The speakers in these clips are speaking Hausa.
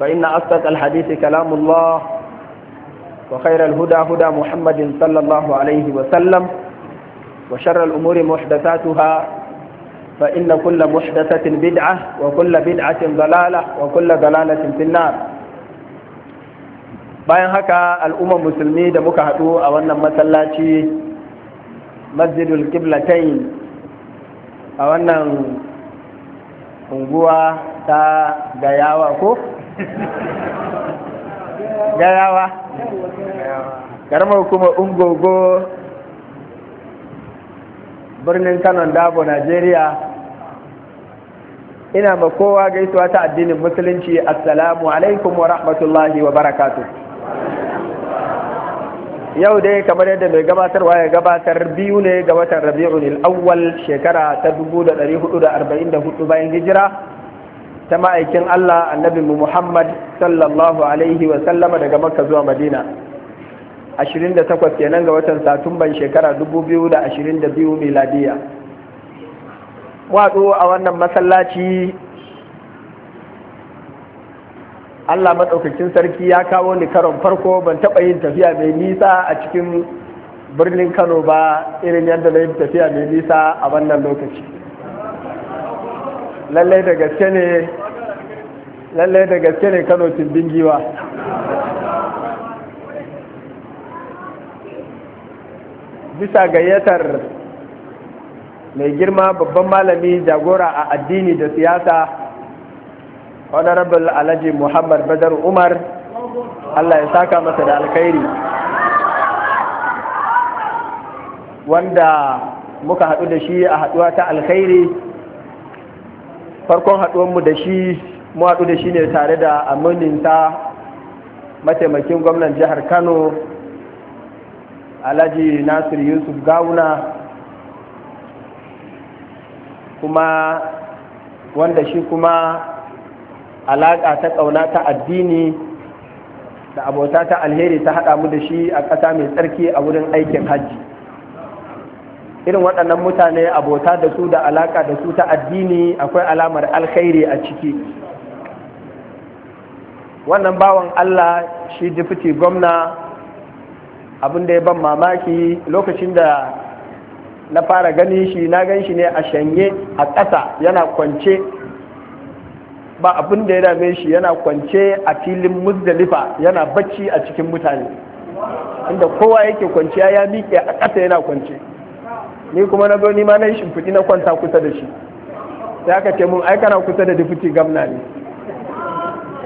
فإن أصدق الحديث كلام الله وخير الهدى هدى محمد صلى الله عليه وسلم وشر الأمور محدثاتها فإن كل محدثة بدعة وكل بدعة ضلالة وكل ضلالة في النار bayan haka al'ummar musulmi da muka haɗu a wannan masallaci masjidul kiblatain a wannan unguwa ta gayawa ko garawa karamar kuma ungogo birnin kanon dabo najeriya ina ba kowa gaisuwa ta addinin musulunci assalamu alaikum wa rahmatullahi wa barakatu yau dai kamar yadda mai gabatarwa ya gabatar biyu ne ga watan Rabi'u awwal shekara ta 1444 bayan hijira ta ma'aikin Allah annabi Muhammad sallallahu alaihi wasallama daga Makka zuwa Madina 28 kenan ga watan Satumban shekara 2022 miladiya waɗo a wannan masallaci Allah maɗaukakin sarki ya kawo ni karon farko ban taɓa yin tafiya mai nisa a cikin birnin Kano ba irin yadda na yi tafiya mai nisa a wannan lokaci. lallai da gaske ne lallai da gaske kano timbin giwa bisa gayyatar mai girma babban malami jagora a addini da siyasa honorable alhaji muhammad badar umar allah ya saka masa da alkhairi wanda muka haɗu da shi a haɗuwa ta alkhairi farkon haɗuwanmu da shi mu haɗu da shi ne tare da amininta mataimakin gwamnan jihar kano alhaji nasir yusuf gawuna kuma wanda shi kuma alaƙa ta ƙauna ta addini da abota ta alheri ta haɗa mu da shi a ƙasa mai tsarki a wurin aikin hajji irin waɗannan mutane abota da su da alaka da su ta addini akwai alamar alkhairi a ciki wannan bawan Allah shi dufiti gwamna abin ya ban mamaki lokacin da na fara gani shi na gan shi ne a shanye a ƙasa yana kwance ba abin da ya dame shi yana kwance a filin muzdalifa yana bacci a cikin mutane inda kowa yake kwanciya ya miƙe a ƙasa yana kwance ni kuma na zo ni ma na yi shimfiɗi na kwanta kusa da shi sai aka ce mun aikana kusa da dufuti gamna ne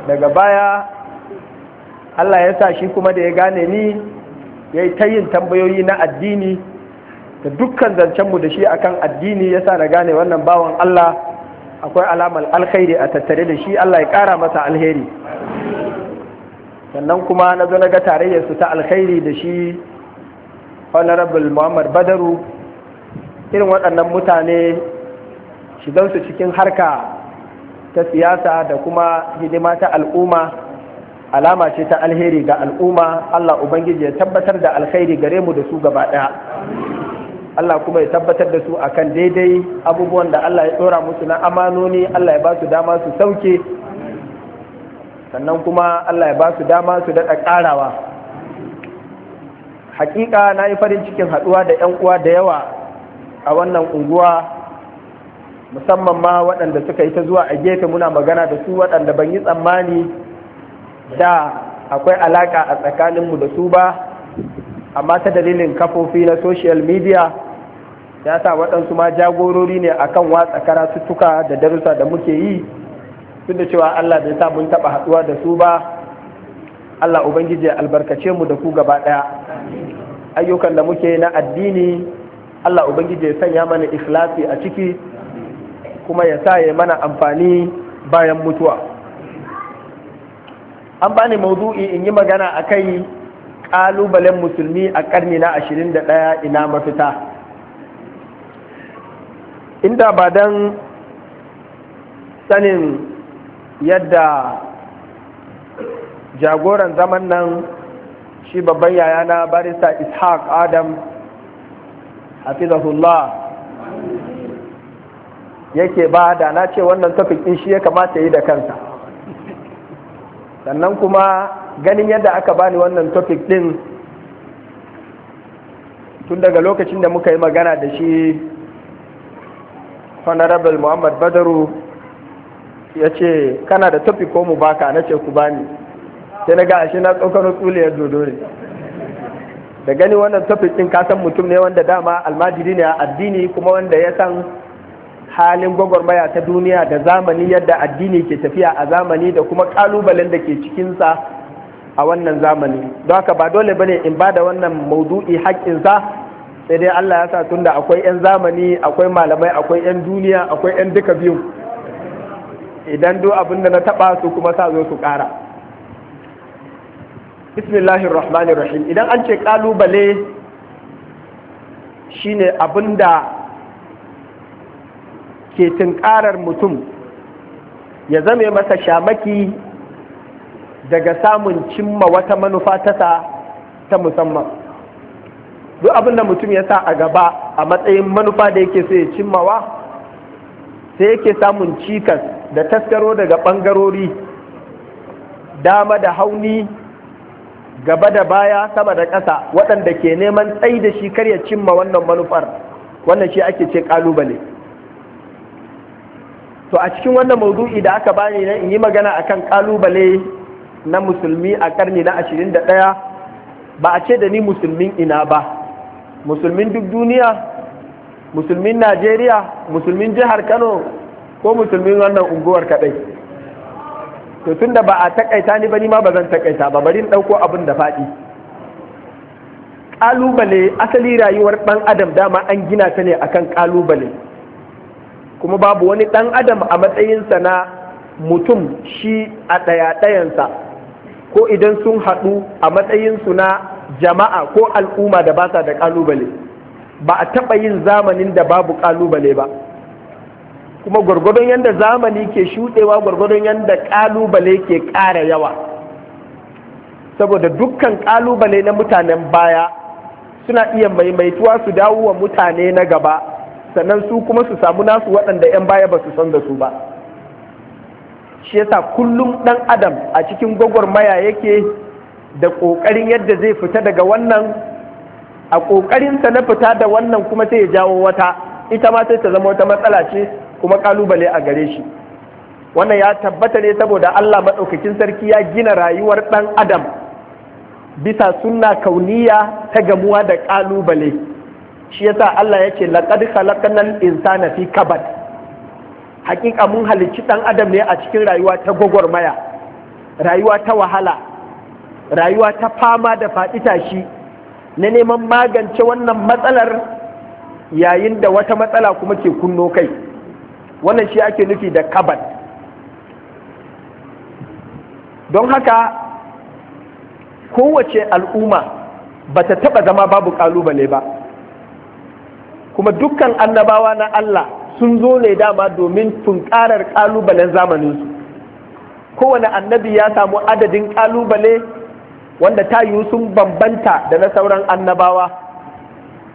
daga baya Allah ya sa shi kuma da ya gane ni ya yi ta yin tambayoyi na addini da dukkan zancenmu da shi akan addini ya sa na gane wannan bawan Allah akwai alamar alkhairi a tattare da shi Allah ya kara masa alheri sannan kuma na zo na ga tarayyarsu ta alkhairi da shi honorable muhammad badaru irin waɗannan mutane shigansu cikin harka ta siyasa da kuma hidima ta al'umma alama ce ta alheri ga al'umma Allah Ubangiji ya tabbatar da alkhairi gare mu da su gaba ɗaya Allah kuma ya tabbatar da su akan daidai abubuwan da Allah ya ɗora musu na amanoni Allah ya ba su dama su sauke sannan kuma Allah ya ba su dama su daɗa ƙarawa hakika na yi farin cikin haɗuwa da 'yan uwa da yawa a wannan unguwa musamman ma waɗanda suka yi ta zuwa a gefe muna magana da su waɗanda ban yi tsammani da akwai alaƙa a tsakaninmu da su ba amma ta dalilin kafofi na social media ya sa waɗansu ma jagorori ne a kan watsa karatuttuka da darussa da muke yi duk da cewa Allah bai sa mun taɓa haɗuwa da su ba Allah Ubangiji albarkace mu da ku gaba ɗaya ayyukan da muke na addini Allah ubangiji ya sanya mana ikhlasi a ciki kuma ya sa ya mana amfani bayan mutuwa an bani maudu'i in yi magana a kai ƙalubalen musulmi a ƙarni na ashirin da ɗaya ina mafita inda ba don sanin yadda jagoran zaman nan shi babban yayana barista ishaq adam hafizahullah yake ba da na ce wannan tofik ɗin shi ya kamata yi da kansa sannan kuma ganin yadda aka bani wannan tofik ɗin tun daga lokacin da muka yi magana da shi honorable muhammad badaru ya ce kana da tofik ko mu baka na ce ku bani sai na ga shi na tsokano tsuliyar dodo ne da gani wannan topic din san mutum ne wanda dama almajiri ne a addini kuma wanda ya san halin gwagwarmaya ta duniya da zamani yadda addini ke tafiya a zamani da kuma kalubalen da ke cikinsa a wannan zamani don haka ba dole ne in ba da wannan maudu'i haƙƙinsa sai dai Allah ya sa tun da akwai 'yan zamani akwai malamai akwai 'yan duniya akwai 'yan duka biyu idan duk abin da na taɓa su kuma sa zo su ƙara bismillahir rahmanir rahim idan an ce kalubale shine abinda ke tunkarar mutum ya zame masa shamaki daga samun cimma wata manufa sa ta musamman duk abinda mutum ya sa a gaba a matsayin manufa da yake so ya cimmawa sai yake samun cikas da taskaro daga ɓangarori dama da hauni gaba da baya sama da ƙasa waɗanda ke neman tsayi da shi kar ya cimma wannan manufar wannan shi ake ce ƙalubale to a cikin wannan maudu'i da aka bani na in yi magana a kan ƙalubale na musulmi a ƙarni na ashirin da ɗaya ba a ce da ni musulmin ina ba musulmin duk duniya musulmin najeriya musulmin jihar kano ko musulmin wannan unguwar kaɗai to tunda ba a takaita ni ba ni ma ba zan takaita ba bari in ɗauko abin da faɗi ƙalubale asali rayuwar ɗan adam dama an gina ta ne akan ƙalubale kuma babu wani ɗan adam a matsayinsa na mutum shi a ɗaya-ɗayansa ko idan sun haɗu a matsayinsu na jama'a ko al'umma da ba sa da ƙalubale ba a taɓa yin zamanin da babu ƙalubale ba kuma gwargwadon yadda zamani ke shuɗewa gwargwadon yadda ƙalubale ke ƙara yawa saboda dukkan ƙalubale na mutanen baya suna iya maimaituwa su dawo wa mutane na gaba sannan su kuma su samu nasu waɗanda 'yan baya ba su san da su ba shi yasa kullum ɗan adam a cikin gwagwarmaya yake da ƙoƙarin yadda zai fita daga wannan a ƙoƙarinsa na fita da wannan kuma sai ya jawo wata ita ma sai ta zama wata matsala ce kuma kalubale a gare shi wannan ya tabbata ne saboda Allah maɗaukakin sarki ya gina rayuwar ɗan adam bisa sunna kauniya ta gamuwa da kalubale shi yasa Allah ya ce laqad khalaqnal insana fi kabad hakika mun halicci ɗan adam ne a cikin rayuwa ta gwagwarmaya rayuwa ta wahala rayuwa ta fama da faɗi tashi na neman magance wannan matsalar yayin da wata matsala kuma ke kunno kai wannan shi ake nufi da kabad don haka kowace al'umma ba ta taɓa zama babu ƙalubale ba kuma dukkan annabawa na Allah sun zo ne dama domin tunkarar ƙalubalen zamaninsu kowane annabi ya samu adadin ƙalubale wanda ta yiwu sun bambanta da na sauran annabawa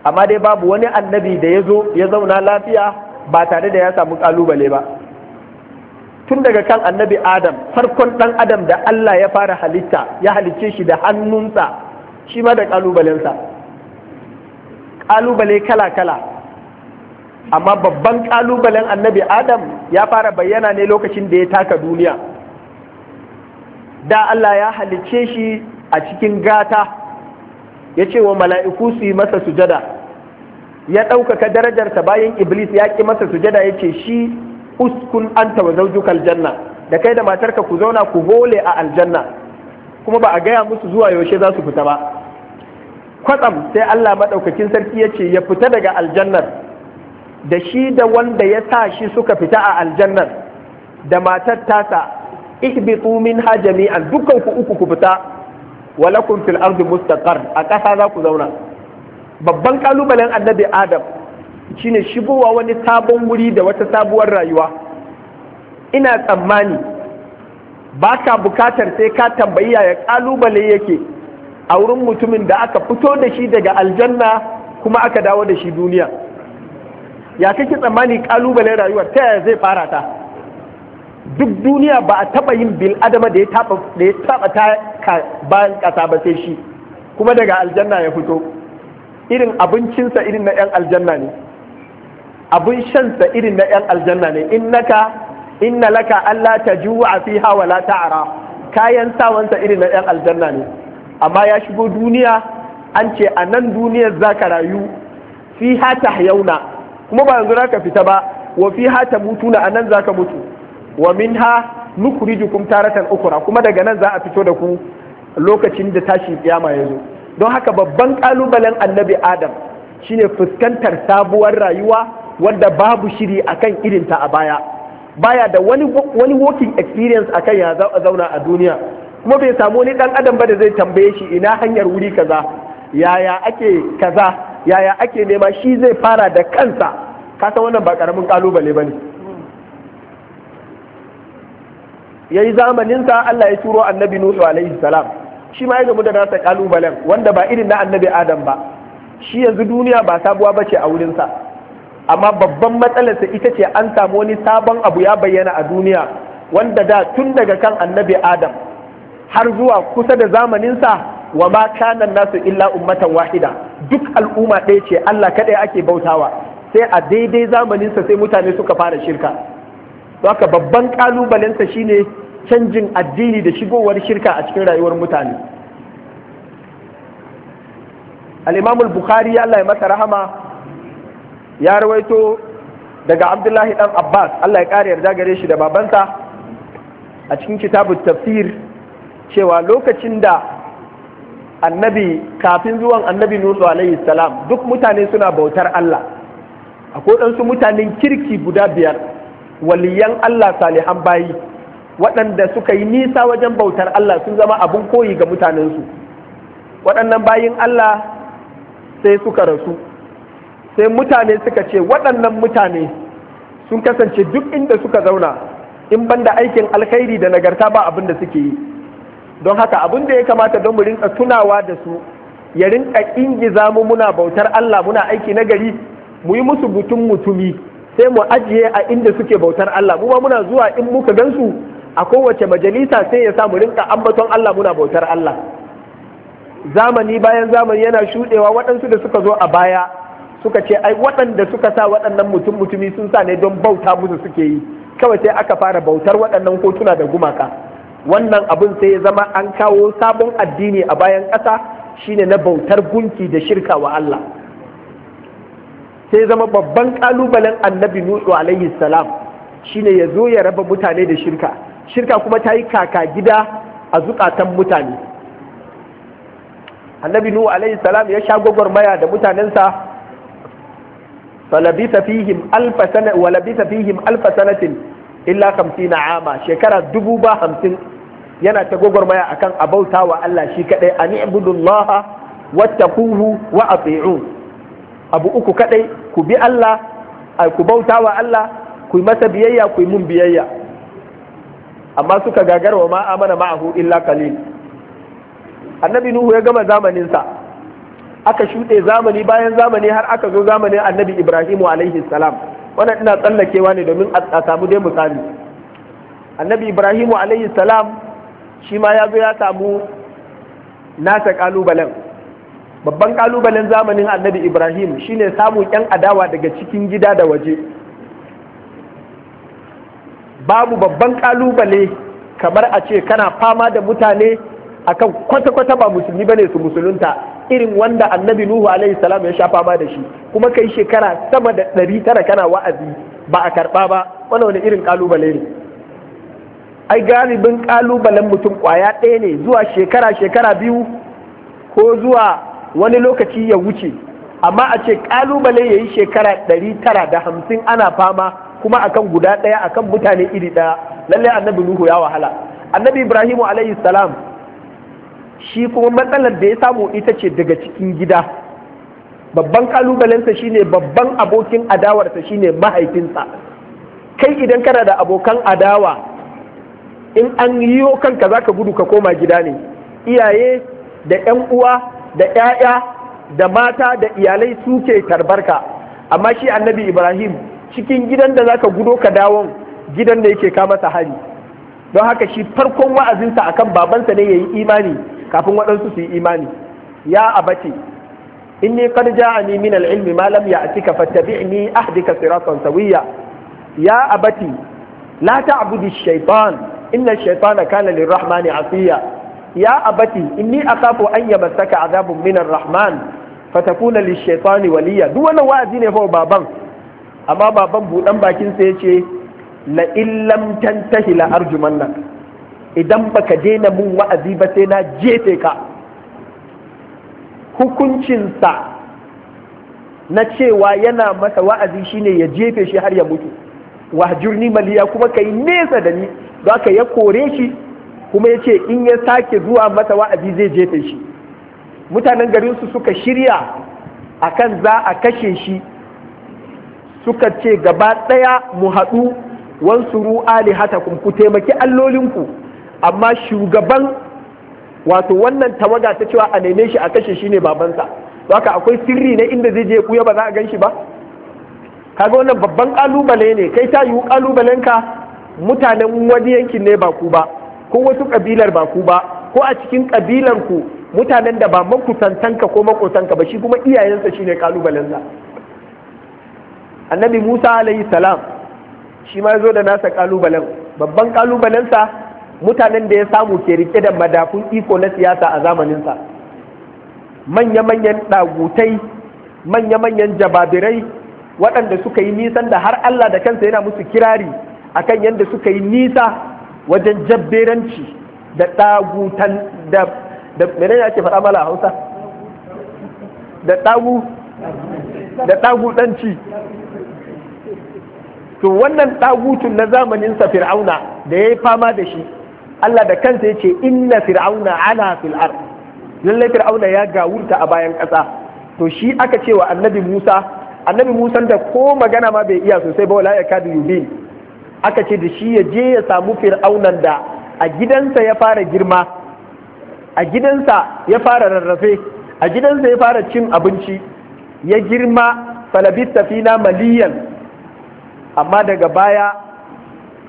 amma dai babu wani annabi da ya zo ya zauna lafiya ba tare da ya samu kalubale ba tun daga kan annabi adam farkon dan adam da Allah ya fara halitta ya halicce shi da hannunsa shi ma da kalubalensa kalubale kala-kala amma babban kalubalen annabi adam ya fara bayyana ne lokacin da ya taka duniya da Allah ya halicce shi a cikin gata ya ce wa mala'iku su yi masa sujada ya ɗaukaka darajarsa bayan iblis ya ƙi masa sujada ya ce shi uskun anta wa zaujukal janna da kai da matarka ku zauna ku hole a aljanna kuma ba a gaya musu zuwa yaushe za su fita ba kwatsam sai Allah maɗaukakin sarki ya ce ya fita daga aljannar da shi da wanda ya sa shi suka fita a aljannar da matar tasa ihbitu hajami jami'an dukkan ku uku ku fita walakun fil ardi mustaqar a ƙasa za ku zauna babban kalubalen annabi adam shine shigowa wani sabon wuri da wata sabuwar rayuwa ina tsammani ba ka bukatar sai ka tambayi yaya kalubale yake a wurin mutumin da aka fito da shi daga aljanna kuma aka dawo da shi duniya ya kake tsammani kalubalen rayuwar ta yaya zai fara ta duk duniya ba a taba yin bil adama da ya taba ta bayan kasa ba sai shi kuma daga aljanna ya fito irin abincinsa irin na 'yan aljanna ne abin shansa irin na 'yan aljanna ne innaka inna laka Allah ta juwa fi hawa la ta'ara kayan sawansa irin na 'yan aljanna ne amma ya shigo duniya an ce a nan duniyar ka rayu fi fiha yauna kuma ba yanzu zaka fita ba wa fi mutu a nan za ka mutu wa minha nukhrijukum taratan ukura kuma daga nan za a fito da ku lokacin da tashi kiyama ya zo don haka babban kalubalen annabi adam shine fuskantar sabuwar rayuwa wadda babu shiri akan irinta a baya baya da wani wani working experience akan ya zauna a duniya kuma bai samu wani dan adam ba da zai tambaye shi ina hanyar wuri kaza yaya ake kaza yaya ake nema shi zai fara da kansa kasan wannan ba karamin kalubale bane yayi zamaninsa Allah ya turo annabi Nuhu alaihi salam shi ma ya gamu da nasa kalubalen wanda ba irin na annabi adam ba shi yanzu duniya ba sabuwa ba ce a wurinsa amma babban matsalarsa ita ce an samu wani sabon abu ya bayyana a duniya wanda da tun daga kan annabi adam har zuwa kusa da zamaninsa wa ma kana nasu illa ummatan wahida duk al'umma ɗaya ce Allah kaɗai ake bautawa sai a daidai zamaninsa sai mutane suka fara shirka haka babban kalubalensa shine canjin addini da shigowar shirka a cikin rayuwar mutane al'imamul bukhari Allah ya masa rahama ya rawaito daga abdullahi ɗan abbas Allah ya ƙara yarda gare shi da babansa a cikin kitabun tafsir cewa lokacin da annabi kafin zuwan annabi nuhu alayhi salam duk mutane suna bautar Allah akwai ɗansu mutanen kirki guda biyar waliyan Allah salihan bayi waɗanda suka yi nisa wajen bautar Allah sun zama abin koyi ga mutanensu waɗannan bayin Allah sai suka rasu sai mutane suka ce waɗannan mutane sun kasance duk inda suka zauna in banda aikin alkhairi da nagarta ba abin da suke yi don haka abin da ya kamata don mu rinka tunawa da su ya rinka ingiza mu muna bautar Allah muna aiki nagari, gari mu yi musu butun mutumi sai mu ajiye a inda suke bautar Allah mu ma muna zuwa in muka gansu a kowace majalisa sai ya samu rinka ambaton Allah muna bautar Allah zamani bayan zamani yana shuɗewa waɗansu da suka zo a baya suka ce ai waɗanda suka sa waɗannan mutum mutumi sun sa ne don bauta musu suke yi kawai sai aka fara bautar waɗannan hotuna da gumaka wannan abin sai ya zama an kawo sabon addini a bayan ƙasa shine na bautar gunki da shirka wa Allah sai zama babban ƙalubalen annabi nuhu alaihi salam shine ya zo ya raba mutane da shirka shirka kuma ta yi kaka gida a zukatan mutane annabi nuhu alaihi salam ya sha gwagwarmaya da mutanensa falabisa fihim alfa walabisa fihim alfa sanatin illa 50 ama shekara dubu ba hamsin yana ta gwagwarmaya akan abauta wa Allah shi kadai an ibudullaha wattaquhu wa ati'u abu uku kadai ku bi Allah ku bauta wa Allah ku yi masa biyayya ku yi mun biyayya amma suka gagar wa ma ma'ahu illa kalil annabi nuhu ya gama zamanin sa aka shuɗe zamani bayan zamani har aka zo zamanin annabi ibrahimu alaihi salam wannan ina tsallakewa ne domin a samu dai misali annabi ibrahimu alaihi salam shi ma ya zo ya samu nasa kalubalen babban kalubalen zamanin annabi ibrahim shine samun yan adawa daga cikin gida da waje babu babban kalubale kamar a ce kana fama da mutane akan kwata-kwata ba musulmi bane su musulunta irin wanda annabi nuhu alaihi salam ya sha fama da shi kuma kai shekara sama da ɗari tara kana wa'azi ba a karɓa ba wani wani irin kalubale ne ai galibin kalubalen mutum kwaya ɗaya ne zuwa shekara shekara biyu ko zuwa wani lokaci ya wuce amma a ce kalubale ya yi shekara ɗari tara da hamsin ana fama kuma akan guda ɗaya akan mutane iri ɗaya lallai annabi nuhu ya wahala annabi ibrahimu alayhi salam shi kuma matsalar da ya samu ita ce daga cikin gida babban kalubalensa shine babban abokin adawarsa shine mahaifinsa kai idan kana da abokan adawa in an yiwo kanka zaka gudu ka koma gida ne iyaye da 'yan uwa da 'ya'ya da mata da iyalai suke tarbarka amma shi annabi ibrahim cikin gidan da zaka gudo ka dawon gidan da yake ka masa hari don haka shi farkon wa'azinsa akan babansa ne yayi imani kafin waɗansu su yi imani ya abace inni qad ja'ani min al-ilmi ma lam ya'tika fattabi'ni ahdika siratan sawiyya ya abati la ta'budi ash-shaytan inna ash-shaytana kana lir-rahmani 'asiya ya abati inni akhafu an yamassaka 'adhabun min ar-rahman fatakuna lish-shaytani waliya duk wannan wa'azi ne fa baban amma baban buɗan bakin ya yace la illam tantahi la arjumannak idan baka daina mun wa'azi ba sai na jefe ka hukuncinsa na cewa yana masa wa'azi shine ya jefe shi har ya mutu wahjurni maliya kuma kai nesa da ni don haka ya kore shi kuma ya ce in ya sake zuwa masa wa'azi zai jefe shi mutanen garinsu suka shirya akan za a kashe shi suka ce gaba ɗaya mu haɗu wansuru alihatakum ku taimaki allolinku amma shugaban wato wannan tawaga ta cewa a neme shi a kashe shi ne babansa ka akwai sirri na inda zai je kuya ba za a gan shi ba kaga wannan babban kalubale ne kai ta yiwu kalubalenka mutanen wani yankin ne ba ku ba ko wasu kabilar ba ku ba ko a cikin kabilar ku mutanen da ba makusantanka ko makotanka ba shi kuma iyayensa shine kalubalensa annabi musa alayhi salam shi ma zo da nasa kalubalen babban kalubalensa mutanen da ya samu ke rike da madafun iko na siyasa a zamaninsa manya-manyan ɗagutai manya-manyan jababirai waɗanda suka yi nisan da har allah da kansa yana musu kirari akan yadda suka yi nisa wajen jabberanci da ɗagutan da ne ake faɗa mala hausa da ɗagu da ɗagutanci to wannan ɗagutun na zamanin sa fir'auna da yayi fama da shi Allah da kansa ya ce inna fir'auna ala fil ard lalle fir'auna ya gawurta a bayan ƙasa to shi aka cewa annabi Musa annabi Musa da ko magana ma bai iya sosai ba wala ya kadu yubin aka ce da shi ya je ya samu fir'aunan da a gidansa ya fara girma a gidansa ya fara rarrafe a gidansa ya fara cin abinci ya girma falabista fina maliyan amma daga baya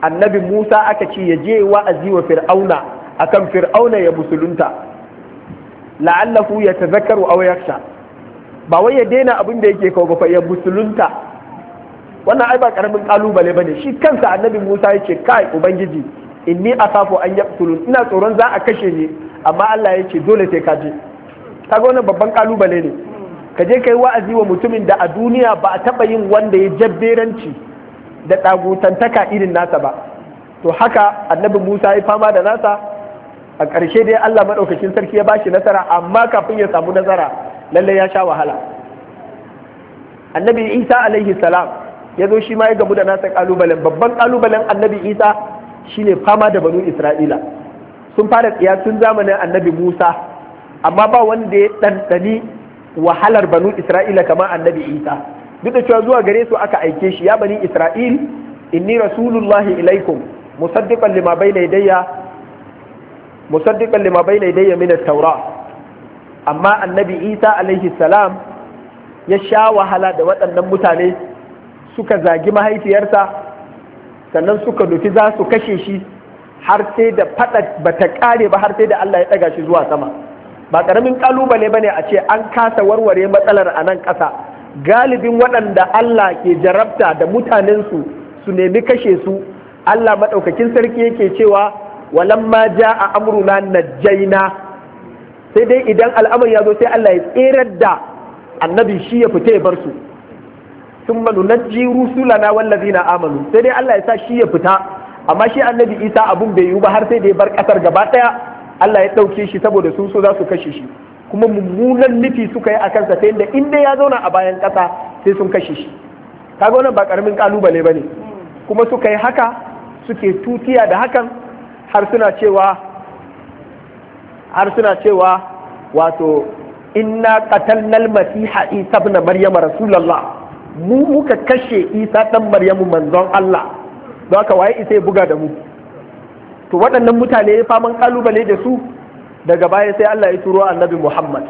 annabi Musa aka ce ya je wa'azi wa fir'auna akan fir'auna ya musulunta la'allahu ya tazakaru aw yakhsha ba wai ya daina abin da yake kawo ba ya musulunta wannan ai ba karamin kalubale ne. shi kansa annabi Musa ya ce kai ubangiji inni safo an yaqtulun ina tsoron za a kashe ni amma Allah ya ce dole sai ka je ga wannan babban kalubale ne ka je kai wa'azi wa mutumin da a duniya ba a taba yin wanda ya jabberanci da ɗagutantaka irin nasa ba to haka annabi musa ya fama da nasa a ƙarshe dai allah maɗaukakin sarki ya bashi nasara amma kafin ya samu nasara lallai ya sha wahala annabi isa alaihi salam ya zo shi ma ya gamu da nasa ƙalubalen babban ƙalubalen annabi isa shine fama da banu isra'ila sun fara tsiya tun zamanin annabi musa amma ba wanda ya ɗanɗani wahalar banu isra'ila kamar annabi isa duk da cewa zuwa gare su aka aike shi ya bani isra'il inni rasulullahi ilaikum musaddiqan lima bayna yadayya musaddiqan lima bayna yadayya min at-taura amma annabi isa alaihi salam ya sha wahala da waɗannan mutane suka zagi mahaifiyarsa sannan suka nufi za su kashe shi har sai da faɗa ba ta ƙare ba har sai da Allah ya ɗaga shi zuwa sama ba karamin ƙalubale ba ne a ce an kasa warware matsalar a nan ƙasa galibin waɗanda Allah ke jarabta da mutanensu su nemi kashe su Allah maɗaukakin sarki yake cewa ma ja a amruna na jaina sai dai idan al'amari ya zo sai Allah ya tserar da annabi shi ya fita ya bar su sun manu na wallazi na amanu sai dai Allah ya sa shi ya fita amma shi annabi Isa abun bai yiwu ba har sai da ya bar ƙasar gaba ɗaya Allah ya ɗauke shi saboda sun so za su kashe shi kuma mummunan nufi suka yi a kansa ta yadda inda ya zauna a bayan ƙasa sai sun kashe shi kaga wannan ba karamin ba ne. kuma suka yi haka suke tutiya da hakan har suna cewa har suna cewa wato inna qatalnal masiha isa ibn maryama rasulullah mu muka kashe isa dan maryamu manzon Allah don haka waye isa ya buga da mu to waɗannan mutane faman ƙalubale da su daga baya sai Allah ya turo annabi Muhammad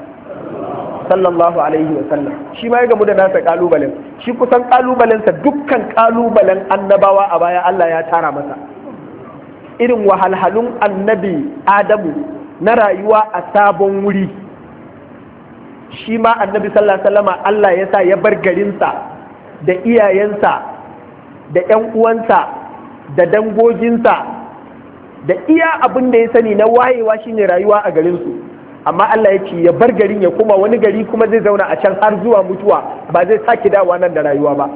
sallallahu alaihi wa sallam shi ma ya gamu da nasa kalubalen shi kusan sa dukkan kalubalen annabawa a baya Allah ya tara masa irin wahalhalun annabi Adamu na rayuwa a sabon wuri shi ma annabi sallallahu alaihi wa Allah ya sa ya bar garinsa da iyayensa da 'yan uwansa da dangoginsa da iya abin da ya sani na wayewa shine rayuwa a garinsu. su amma Allah ya ce ya bar garin ya koma wani gari kuma zai zauna a can har zuwa mutuwa ba zai sake dawa nan da rayuwa ba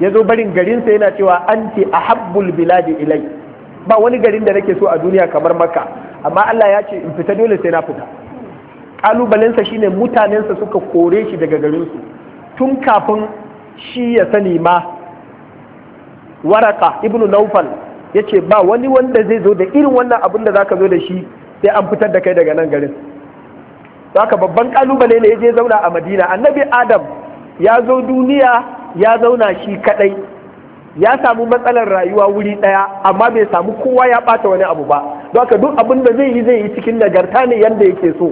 ya zo barin garinsa yana cewa anti habbul biladi ilai ba wani garin da nake so a duniya kamar maka. amma Allah ya ce in fita dole sai na fita kalubalensa shine mutanensa suka kore shi daga garinsu tun kafin shi ya sani ma waraka ibnu naufal ya ce ba wani wanda zai zo da irin wannan abin da zaka zo da shi sai an fitar da kai daga nan garin haka babban kalubale ne ya je zauna a madina annabi adam ya zo duniya ya zauna shi kaɗai. ya samu matsalar rayuwa wuri ɗaya amma bai samu kowa ya ɓata wani abu ba haka duk abin da zai yi zai yi cikin nagarta ne yanda yake so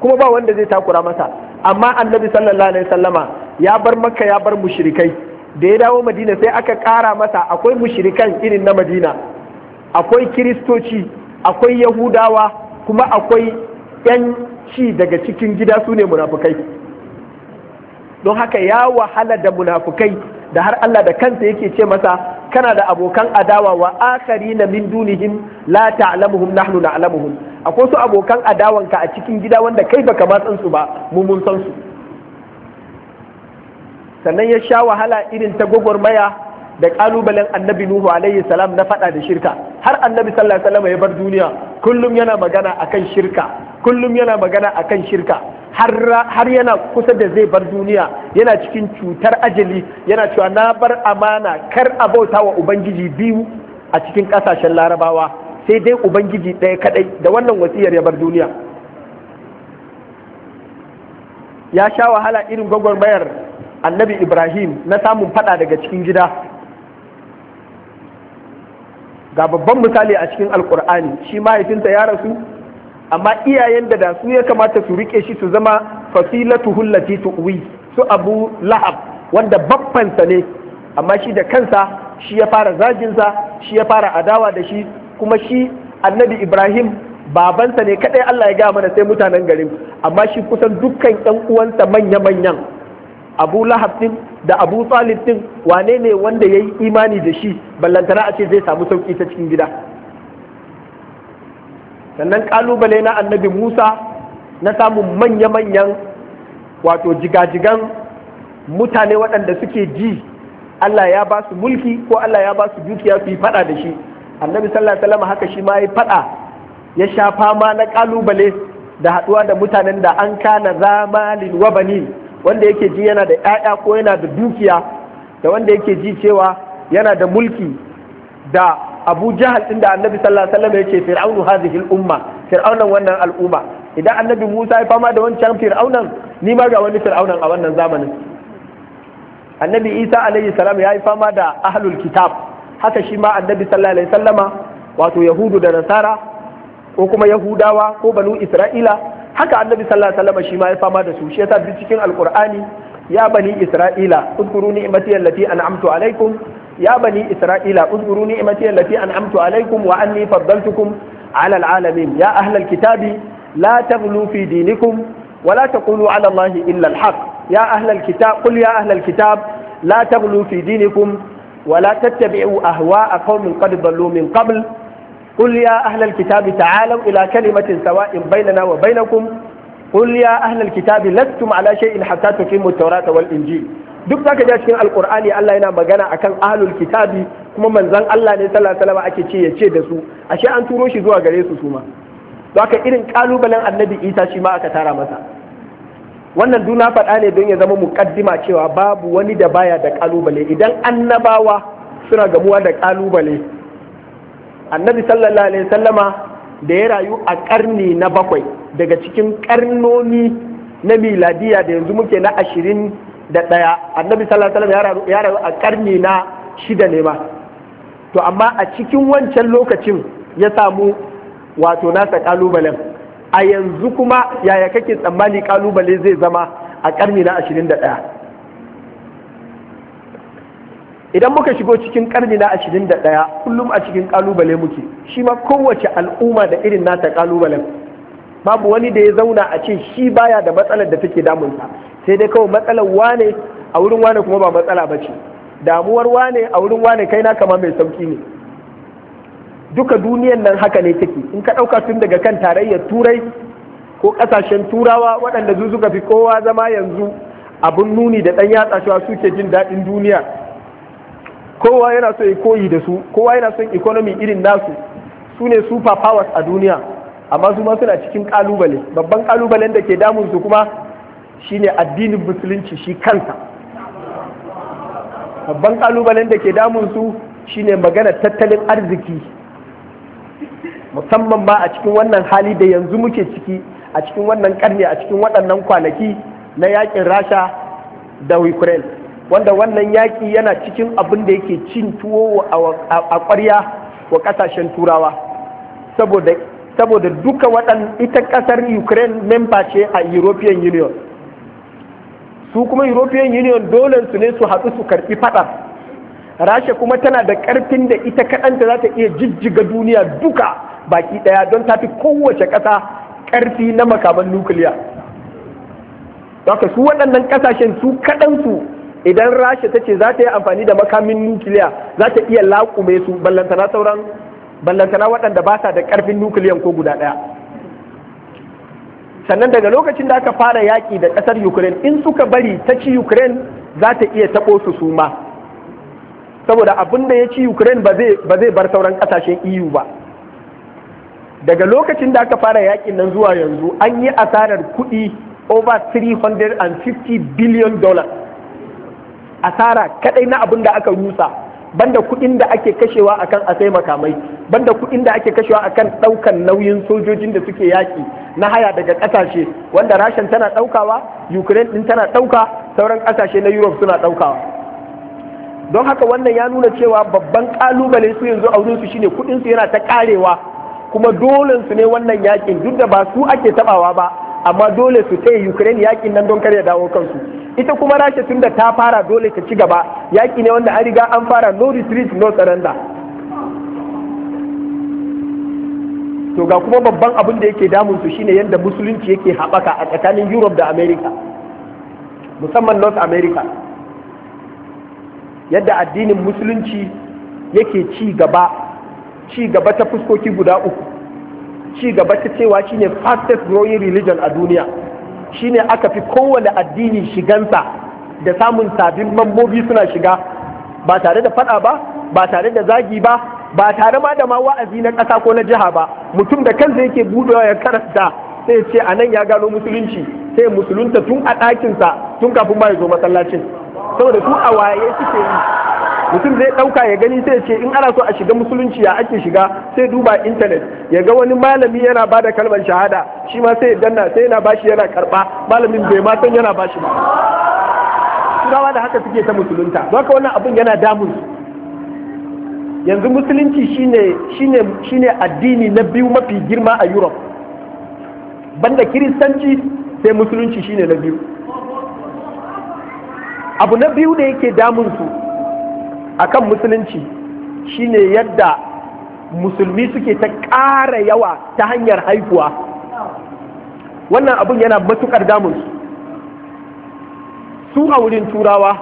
kuma ba wanda zai takura masa amma annabi sallallahu alaihi sallama ya bar makka ya bar mushrikai da ya dawo madina sai aka kara masa akwai mushirikan irin na madina akwai kiristoci akwai yahudawa kuma akwai yan ci daga cikin gida su ne munafukai don haka ya wahala da munafukai da har Allah da kansa yake ce masa kana da abokan adawa wa akari na min dunihim la ta'lamuhum nahnu na'lamuhum akwai su abokan adawanka a cikin gida wanda kai baka ma san ba mu mun san sannan ya sha wahala irin ta gwagwarmaya da kalubalen annabi nuhu alayhi salam na fada da shirka har annabi sallallahu alaihi wasallam ya bar duniya kullum yana magana akan shirka kullum yana magana akan shirka har yana kusa da zai bar duniya yana cikin cutar ajali yana cewa na bar amana kar a bauta wa ubangiji biyu a cikin kasashen larabawa sai dai ubangiji ɗaya kadai da wannan wasiyar ya bar duniya ya sha wahala irin gwagwarmayar annabi ibrahim na samun fada daga cikin gida ga babban misali a cikin alkur'ani shi mahaifinsa ya rasu amma iyayen da da su ya kamata su rike shi su zama fasilatu hullati tuwi su abu lahab wanda babbansa ne amma shi da kansa shi ya fara zaginsa shi ya fara adawa da shi kuma shi annabi ibrahim babansa ne kadai allah ya gaya mana sai mutanen garin amma shi kusan dukkan yan uwansa manya-manyan abu lahab din da abu talib din wane ne wanda ya yi imani da shi ballantana a ce zai samu sauki ta cikin gida sannan kalubale na annabi musa na samun manya-manyan wato jigajigan mutane waɗanda suke ji allah ya ba su mulki ko allah ya ba su dukiya su yi fada da shi annabi sallallahu alaihi wasallam haka shi ma ya faɗa. ya sha fama na kalubale da haɗuwa da mutanen da an kana zamalin wa wanda yake ji yana da 'ya'ya ko yana da dukiya da wanda yake ji cewa yana da mulki da abu jihar din da annabi sallallahu alaihi wasallam fir'aunu hadhihi umma fir'aunan wannan al'umma idan annabi Musa ya fama da wancan fir'aunan ni ma ga wani fir'aunan a wannan zamanin annabi Isa alaihi salam ya yi fama da ahlul kitab haka shi ma annabi sallallahu alaihi wato yahudu da nasara ko kuma yahudawa ko banu isra'ila haka annabi sallallahu alaihi wasallam shi ma ya fama da su shi yasa cikin alqur'ani ya bani isra'ila udkuru ni'mati allati an'amtu alaikum ya bani isra'ila udkuru ni'mati allati an'amtu alaikum wa anni faddaltukum ala alalamin ya ahlal kitabi la taghlu fi dinikum wa la taqulu ala allahi illa alhaq ya ahlal kitab qul ya ahlal kitab la wa la tattabi'u ahwa'a qaumin qad dhallu min qabl قل يا أهل الكتاب تعالوا إلى كلمة سواء بيننا وبينكم قل يا أهل الكتاب لستم على شيء حتى تقيموا التوراة والإنجيل duk zaka ji cikin alkur'ani Allah yana magana akan ahlul kitabi kuma manzon Allah ne sallallahu alaihi wasallam ake ce ya ce da su ashe an turo shi zuwa gare su su ma to haka irin kalubalen annabi Isa shi ma aka tara masa wannan duna faɗa ne don ya zama mukaddima cewa babu wani da baya da kalubale idan annabawa suna gamuwa da kalubale annabi sallallahu alaihi sallama da ya rayu a karni na bakwai daga cikin karnoni na miladiya da yanzu muke na ashirin da ɗaya annabi sallallahu alaihi sallama ya rayu a karni na shida ne ma to amma a cikin wancan lokacin ya samu wato nasa kalubalen a yanzu kuma yaya kake tsammani kalubale zai zama a karni na ashirin da ɗaya idan muka shigo cikin karni na ashirin da ɗaya kullum a cikin ƙalubale muke shi ma kowace al'umma da irin nata ƙalubalen babu wani da ya zauna a ce shi baya da matsalar da take damunsa sai dai kawai matsalar wane a wurin wane kuma ba matsala ba ce damuwar wane a wurin wane kai na kama mai sauki ne duka duniyan nan haka ne take in ka ɗauka tun daga kan tarayyar turai ko ƙasashen turawa waɗanda zuzuka fi kowa zama yanzu abun nuni da ɗan yatsa suke jin daɗin duniya kowa yana so ya koyi da su kowa yana son economy irin nasu su ne super powers a duniya amma su ma suna cikin kalubale babban kalubalen da ke damun su kuma shine addinin musulunci shi kansa babban kalubalen da ke damun su shine magana tattalin arziki musamman ma a cikin wannan hali da yanzu muke ciki a cikin wannan karni a cikin waɗannan kwanaki na yakin rasha da ukraine wanda wannan yaƙi yana cikin abin da yake cin tuwo a ƙwarya wa ƙasashen turawa saboda duka waɗan ita ƙasar ukraine memba ce a european union su kuma european union dole su ne su haɗu su karɓi faɗar rasha kuma tana da ƙarfin da ita kaɗanta za ta iya jijjiga duniya duka baki ɗaya don ta fi kowace ƙasa ƙarfi na makaman nukiliya. su waɗannan ƙasashen su kaɗansu idan rasha ta ce za ta yi amfani da makamin nukiliya za ta iya laƙume su ballantana sauran ballantana waɗanda ba sa da ƙarfin nukiliya ko guda ɗaya sannan daga lokacin da aka fara yaƙi da ƙasar ukraine in suka bari ta ci ukraine za ta iya taɓo su su ma saboda abin da ya ci ukraine ba zai bar sauran ƙasashen eu ba daga lokacin da aka fara yaƙin nan zuwa yanzu an yi asarar kuɗi over 350 billion dollars asara kadai na abin da aka rusa banda kuɗin da ake kashewa akan a sai makamai banda kuɗin da ake kashewa akan ɗaukan nauyin sojojin da suke yaƙi na haya daga ƙasashe wanda rashin tana ɗaukawa ukraine ɗin tana ɗauka sauran ƙasashe na europe suna ɗaukawa don haka wannan ya nuna cewa babban ƙalubale su yanzu a su shine kuɗinsu yana ta ƙarewa kuma su ne wannan yaƙin duk da ba su ake taɓawa ba amma dole su taya Ukraine yakin nan don karya dawo kansu ita kuma Rasha tun da ta fara dole ta ci gaba yaki ne wanda an riga an fara no retreat no surrender to ga kuma babban abin da yake damun su shine yadda musulunci yake haɓaka a tsakanin Europe da America musamman North America yadda addinin musulunci yake ci gaba ci gaba ta fuskoki guda uku ci gaba ta cewa shine fastest growing religion a duniya shine aka fi kowane addini shigansa da samun sabbin mambobi suna shiga ba tare da fada ba ba tare da zagi ba ba tare ma da ma wa'azi na ƙasa ko na jiha ba mutum da kansa yake budewa ya karanta sai ce a nan ya gano musulunci sai musulunta tun a ɗakinsa tun kafin ba ya zo masallacin saboda su a waye suke yi mutum zai ɗauka ya gani sai ce in ana so a shiga musulunci ya ake shiga sai duba intanet ya ga wani malami yana ba da kalmar shahada shi ma sai danna sai yana bashi yana karɓa malamin bai ma san yana bashi ba turawa da haka suke ta musulunta don haka wannan abin yana damun yanzu musulunci shine shine shine addini na biyu mafi girma a Europe banda kiristanci sai musulunci shine na biyu abu na biyu da yake damun su akan musulunci shine yadda musulmi suke ta ƙara yawa ta hanyar haihuwa wannan abin yana matuƙar damunsu su a wurin turawa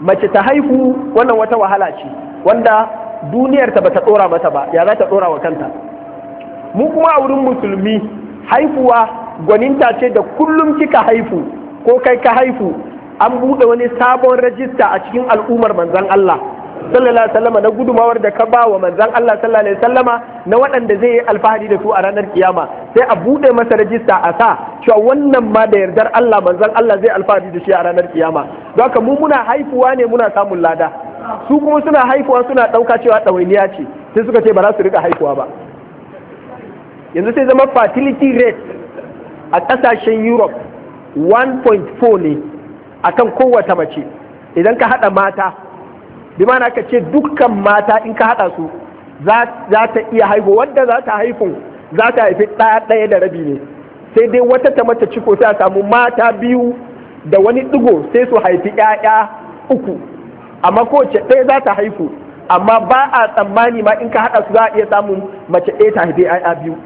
mace ta haihu wannan wata wahala ce wanda duniyar ta bata ɗora mata ba ya za ta ɗora wa kanta mu kuma a wurin musulmi haifuwa gwaninta ce da kullum kika haifu ko kai ka haifu an buɗe wani sabon rajista a cikin al'ummar manzan Allah sallallahu alaihi wasallama na gudumawar da ka ba wa manzan Allah sallallahu alaihi wasallama na waɗanda zai yi alfahari da su a ranar kiyama sai a buɗe masa rajista a sa cewa wannan ma da yardar Allah manzan Allah zai alfahari da shi a ranar kiyama don haka mu muna haifuwa ne muna samun lada su kuma suna haifuwa suna ɗauka cewa ɗawainiya ce sai suka ce ba za su riƙa haifuwa ba yanzu sai zama fertility rate a ƙasashen Europe 1.4 ne akan kowace mace idan ka haɗa mata bi mana ka ce dukkan mata in ka haɗa su za ta iya haihu wanda za ta haifu za ta haifi ɗaya ɗaya da rabi ne sai dai wata ta mata ciko sai a samu mata biyu da wani ɗigo sai su haifi ‘ya'ya uku amma kowace ɗaya za ta haifu amma ba a tsammani ma in ka haɗa su za a iya samun mace ɗaya ta haifi ‘ya'ya biyu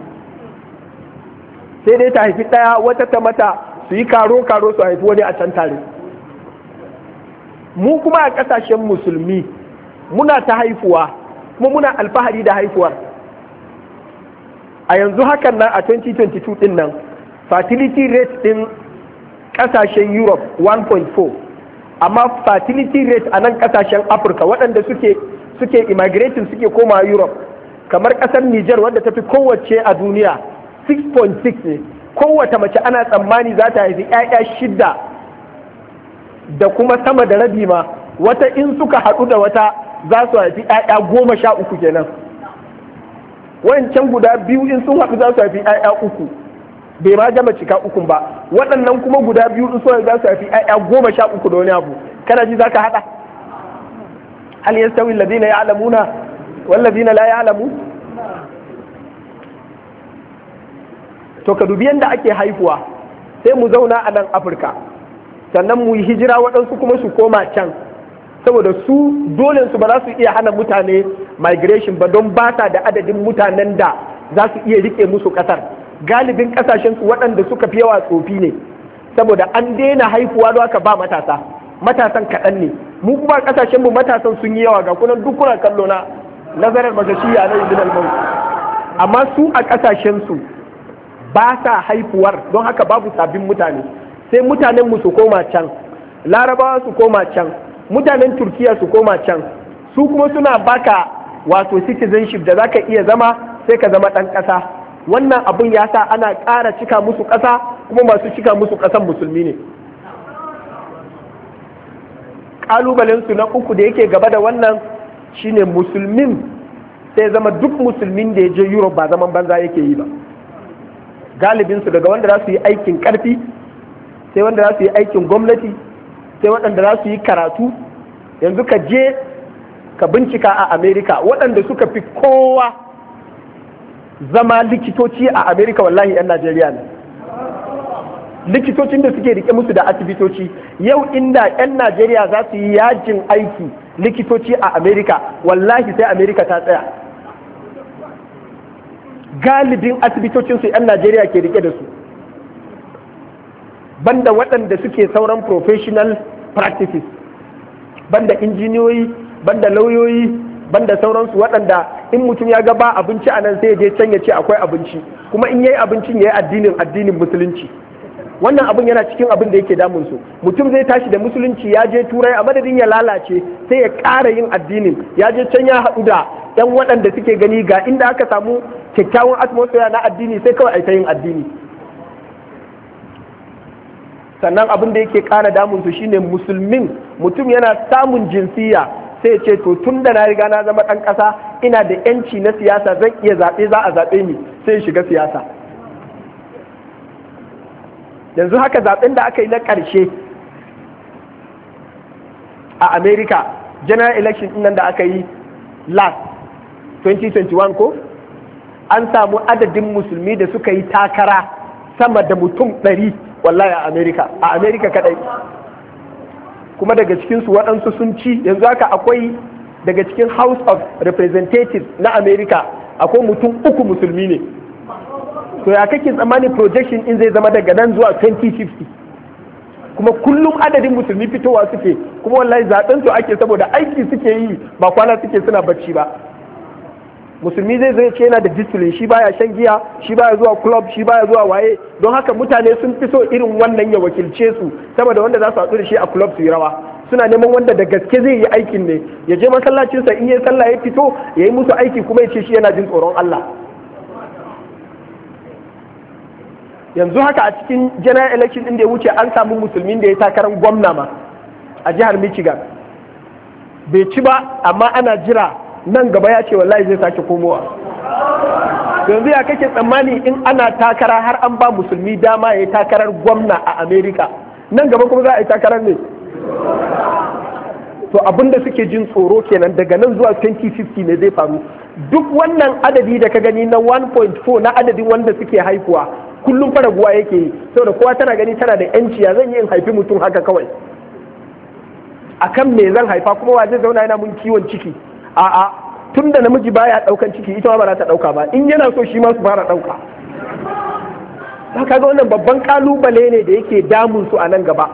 sai dai ta haifi ɗaya wata ta mata su yi karo karo su haifi wani a can tare mu kuma a ƙasashen musulmi muna ta haifuwa kuma muna alfahari da haifuwar a yanzu hakan nan a 2022 din nan fertility rate din kasashen europe 1.4 amma fertility rate a nan ƙasashen afirka waɗanda suke suke immigrating suke koma europe kamar ƙasar niger wadda ta fi kowace a duniya 6.6 ne kowace mace ana tsammani za ta haifi 'ya'ya shidda. da kuma sama da rabi ma wata in suka haɗu da wata za su haifi ‘ya'ya goma sha uku kenan wancan guda biyu in sun haɗu za su haifi ‘ya'ya uku bai ma gama cika uku ba waɗannan kuma guda biyu in sun za su haifi ‘ya'ya goma sha uku da wani abu kana ji za ka haɗa hal yastawi alladhina ya'lamuna wal ladina la ya'lamu to ka dubi yadda ake haifuwa sai mu zauna a nan afirka sannan mu yi hijira waɗansu kuma su koma can saboda su dole su ba za su iya hana mutane migration ba don ba ta da adadin mutanen da za su iya rike musu ƙasar galibin ƙasashen su waɗanda suka fi yawa tsofi ne saboda an daina haifuwa da aka ba matasa matasan kaɗan ne mu kuma ƙasashen mu matasan sun yi yawa ga kunan duk kuna kallo na nazarar magashiya na ibn al amma su a ƙasashen su ba sa haifuwar don haka babu sabbin mutane sai mutanen mu su koma can larabawa su koma can mutanen turkiya su koma can su kuma suna baka wato citizenship da za ka iya zama sai ka zama ɗan ƙasa wannan abun ya sa ana ƙara cika musu ƙasa kuma masu cika musu ƙasan musulmi ne ƙalubalensu na uku da yake gaba da wannan shine musulmin sai zama duk musulmin da ya je europe ba zaman banza yake yi ba galibinsu daga wanda za su yi aikin ƙarfi sai wanda za su yi aikin gwamnati sai waɗanda za su yi karatu yanzu ka je ka bincika a amerika waɗanda suka fi kowa zama likitoci a amerika wallahi 'yan najeriya ne likitocin da suke rike musu da asibitoci yau inda 'yan najeriya za su yi yajin aiki likitoci a amerika wallahi sai amerika ta tsaya galibin asibitocinsu 'yan najeriya ke rike da su banda waɗanda suke sauran professional practices banda injiniyoyi banda lauyoyi banda sauransu waɗanda in mutum ya ga ba abinci a nan sai ya je can ya ce akwai abinci kuma in yayi abincin ya yi addinin addinin musulunci wannan abin yana cikin abin da yake damun su mutum zai tashi da musulunci ya je turai a madadin ya lalace sai ya ƙara yin addinin ya je can ya haɗu da yan waɗanda suke gani ga inda aka samu kyakkyawan atmosphere na addini sai kawai a yin addini sannan abin da yake ƙana damun su shine musulmin mutum yana samun jinsiya sai ce to tun da na riga na zama ɗan ƙasa ina da yanci na siyasa zan iya zaɓe za a zaɓe ni sai shiga siyasa yanzu haka zaɓen da aka yi na ƙarshe a america general election nan da aka yi last 2021 ko an samu adadin musulmi da suka yi takara sama da mutum ɗari. wallahi a Amerika, a Amerika kadai kuma daga cikinsu waɗansu sun ci yanzu haka akwai daga cikin house of representatives na Amerika akwai mutum uku musulmi ne to ya kake tsammanin projection in zai zama daga nan zuwa 2050 kuma kullum adadin musulmi fitowa suke kuma wallahi zaɓen su ake saboda aiki suke yi ba kwana suke suna bacci ba musulmi zai zai ce yana da discipline shi baya shan giya shi baya zuwa club shi baya zuwa waye don haka mutane sun fi so irin wannan ya wakilce su saboda wanda za su haɗu da shi a club su yi rawa suna neman wanda da gaske zai yi aikin ne ya je masallacin sa in yi sallah ya fito ya yi musu aiki kuma ya ce shi yana jin tsoron Allah yanzu haka a cikin general election din da ya wuce an samu musulmin da ya takarar gwamna ma a jihar Michigan bai ci ba amma ana jira nan gaba ya ce wallahi zai sake komowa yanzu ya kake tsammani in ana takara har an ba musulmi dama ya yi takarar gwamna a amerika nan gaba kuma za a yi takarar ne to abinda suke jin tsoro kenan daga nan zuwa 2050 ne zai faru duk wannan adadi da ka gani na 1.4 na adadin wanda suke haihuwa kullum faraguwa yake yi saboda kowa tana gani tana da yanci ya zan yi in haifi mutum haka kawai akan me zan haifa kuma wa zai zauna yana mun kiwon ciki a'a tun da namiji baya daukan ciki ita ma ba za ta dauka ba in yana so shi ma su fara dauka ga wannan babban kalubale ne da yake damun su a nan gaba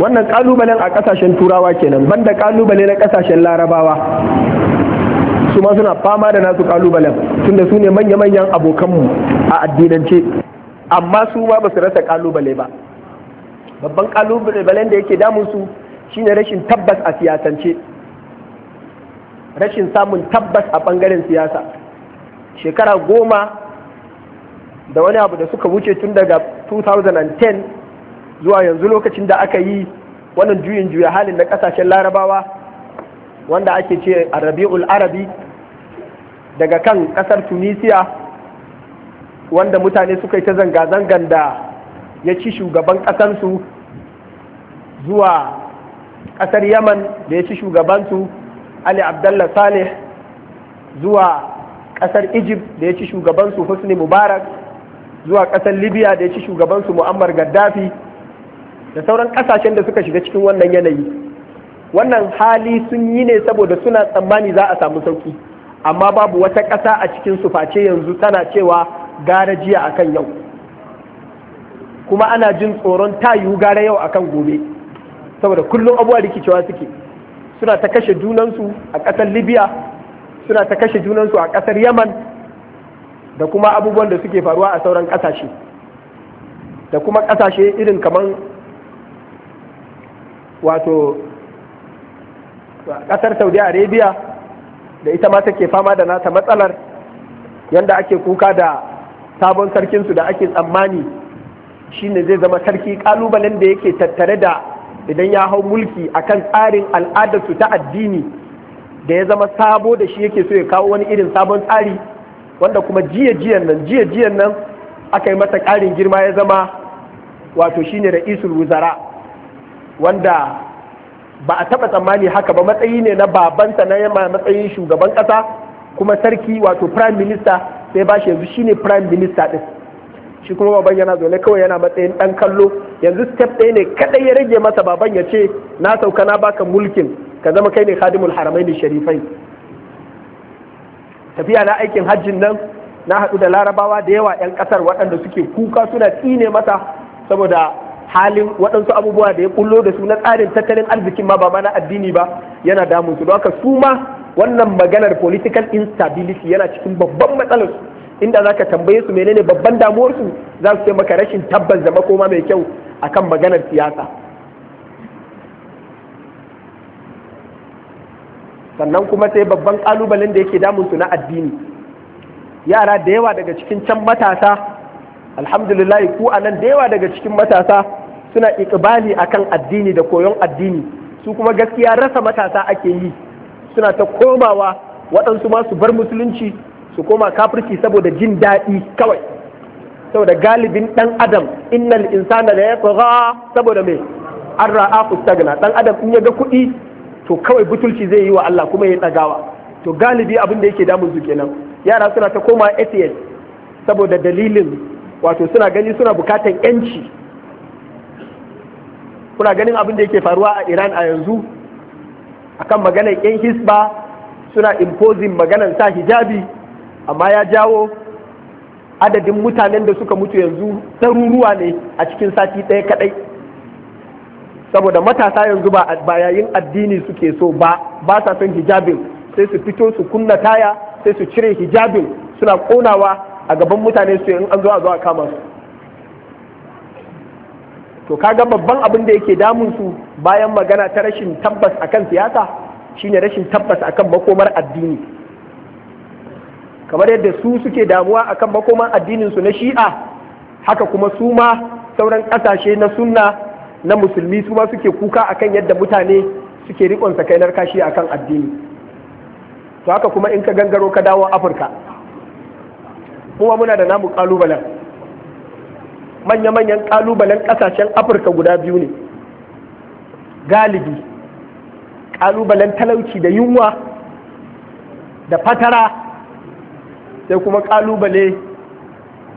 wannan kalubalen a kasashen turawa kenan banda kalubale na kasashen larabawa su ma suna fama da nasu kalubalen tunda su ne manya-manyan abokanmu a addinance amma su ma ba su rasa kalubale ba babban kalubalen da yake damun su shine rashin tabbas a siyasance rashin samun tabbas a ɓangaren siyasa shekara goma da wani abu da suka wuce tun daga 2010 zuwa yanzu lokacin da aka yi wannan juyin juya halin na ƙasashen larabawa wanda ake ce rabi'ul arabi daga kan ƙasar tunisia wanda mutane suka yi ta zanga-zangan da ya ci shugaban ƙasarsu zuwa ƙasar yaman da ya ci shugabansu ali abdullah saleh zuwa ƙasar egypt da ya ci shugabansu husni mubarak zuwa ƙasar libya da ya ci shugabansu mu'ammar gaddafi da sauran ƙasashen da suka shiga cikin wannan yanayi wannan hali sun yi ne saboda suna tsammani za a samu sauki amma babu wata ƙasa a cikin su face yanzu tana cewa gara jiya akan yau kuma ana jin tsoron ta yiwu gara yau akan gobe saboda kullum abuwa rikicewa suke suna ta kashe junansu a ƙasar libya suna ta kashe junansu a ƙasar yaman da kuma abubuwan da suke faruwa a sauran ƙasashe da kuma ƙasashe irin kamar wato ƙasar saudi arabia da ita ma take fama da nata matsalar yadda ake kuka da sabon sarkinsu da ake tsammani shine zai zama sarki ƙalubalen da yake tattare da idan ya hau mulki a kan tsarin al'adarsu ta addini da ya zama sabo da shi yake so ya kawo wani irin sabon tsari wanda kuma jiya jiyan nan jiya jiyan nan aka yi masa ƙarin girma ya zama wato shi da isul wuzara wanda ba a taɓa tsammani haka ba matsayi ne na babansa na yamma matsayin shugaban ƙasa kuma sarki wato prime minister sai ba shi yanzu ne prime minister ɗin shi kuma baban yana zaune kawai yana matsayin ɗan kallo yanzu step ɗaya ne kadai ya rage masa baban ya ce na sauka na baka mulkin ka zama kai ne khadimul haramaini sharifai tafiya na aikin hajjin nan na haɗu da larabawa da yawa 'yan ƙasar waɗanda suke kuka suna tsine masa saboda halin waɗansu abubuwa da ya kullo da su na tsarin tattalin arzikin ma ba ma na addini ba yana damun su don haka su ma wannan maganar political instability yana cikin babban matsalar inda za ka tambaye su menene babban damuwarsu su za su taimaka maka rashin tabbas da makoma mai kyau a kan maganar siyasa sannan kuma sai babban ƙalubalen da yake damun su na addini yara da yawa daga cikin can matasa alhamdulillah ku a nan da yawa daga cikin matasa suna a kan addini da koyon addini su kuma gaskiya rasa matasa ake yi suna ta komawa waɗansu masu bar musulunci su koma kafirci saboda jin daɗi kawai saboda galibin ɗan adam innal insana la yatgha saboda me an ra'ahu stagna ɗan adam in ya ga kuɗi to kawai butulci zai yi wa Allah kuma ya ɗagawa to galibi abin da yake damun su kenan yara suna ta koma ATM saboda dalilin wato suna gani suna bukatan yanci kuna ganin abin da yake faruwa a Iran a yanzu akan maganar yan hisba suna imposing maganar sa hijabi amma ya jawo adadin mutanen da suka mutu yanzu ɗaruruwa ne a cikin sati ɗaya kaɗai saboda matasa yanzu ba yayin addini suke so ba ba sa son hijabin sai su fito su kunna taya sai su cire hijabin suna ƙonawa a gaban mutane su in an zo a zo a kama su to kaga babban abin da yake damun su bayan magana ta rashin tabbas akan siyasa shine rashin tabbas akan makomar addini kamar yadda su suke damuwa akan makoman addinin su na shi'a haka kuma su ma sauran ƙasashe na sunna na musulmi su ma suke kuka akan yadda mutane suke rikon sakainar kashi akan addini to haka kuma in ka gangaro ka dawo afirka kuma muna da namu ƙalubalen manya-manyan ƙalubalen ƙasashen afirka guda biyu ne galibi ƙalubalen talauci da yunwa da fatara sai kuma kalubale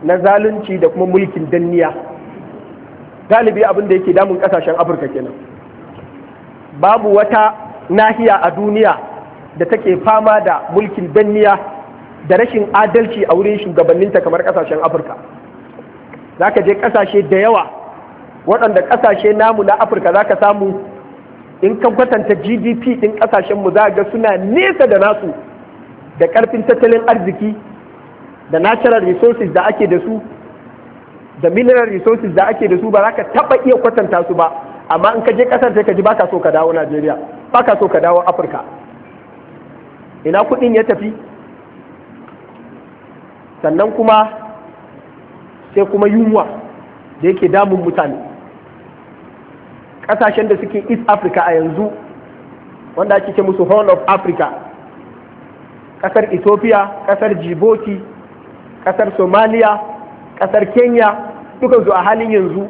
na zalunci da kuma mulkin danniya galibi abin da yake damun kasashen afirka kenan babu wata nahiya a duniya da take fama da mulkin danniya da rashin adalci a wurin shugabanninta kamar kasashen afirka za ka je kasashe da yawa waɗanda kasashe namu na afirka za ka samu in ka kwatanta gdp ɗin kasashenmu za ga suna nesa da nasu da ƙarfin tattalin arziki da natural resources da ake da su da mineral resources da ake da su ba za ka taba iya kwatanta su ba amma in ka je kasar sai ka ji baka so ka dawo Najeriya baka so ka dawo Afirka ina kudin ya tafi sannan kuma sai kuma yunwa da yake damun mutane kasashen da suke East Africa a yanzu wanda ake ce musu Horn of Africa kasar Ethiopia kasar Djibouti kasar somaliya kasar kenya dukansu a halin yanzu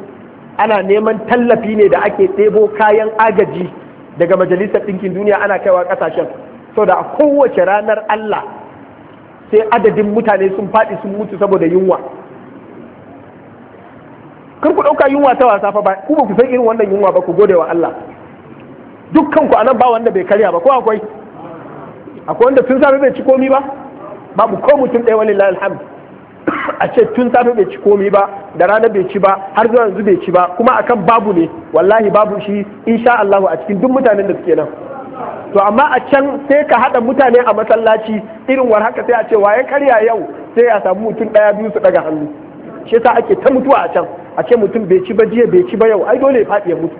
ana neman tallafi ne da ake tsebo kayan agaji daga majalisar ɗinkin duniya ana kaiwa ƙasashen so da kowace ranar allah sai adadin mutane sun faɗi sun mutu saboda yunwa kar ku ɗauka yunwa ta wasa fa ba ku ba ku san irin wannan yunwa ba ku gode wa allah dukkan ku anan ba wanda bai karya ba ko akwai akwai wanda tun safe bai ci komi ba babu ko mutum ɗaya walillahi alhamdu a ce tun safe bai ci komi ba da rana bai ci ba har zuwa yanzu bai ci ba kuma akan babu ne wallahi babu shi insha Allah a cikin duk mutanen da suke nan to amma a can sai ka hada mutane a masallaci irin war haka sai a ce waye karya yau sai a samu mutum daya biyu su daga hannu shi yasa ake ta mutuwa a can a ce mutum bai ci ba jiya bai ci ba yau ai dole ya faɗi ya mutu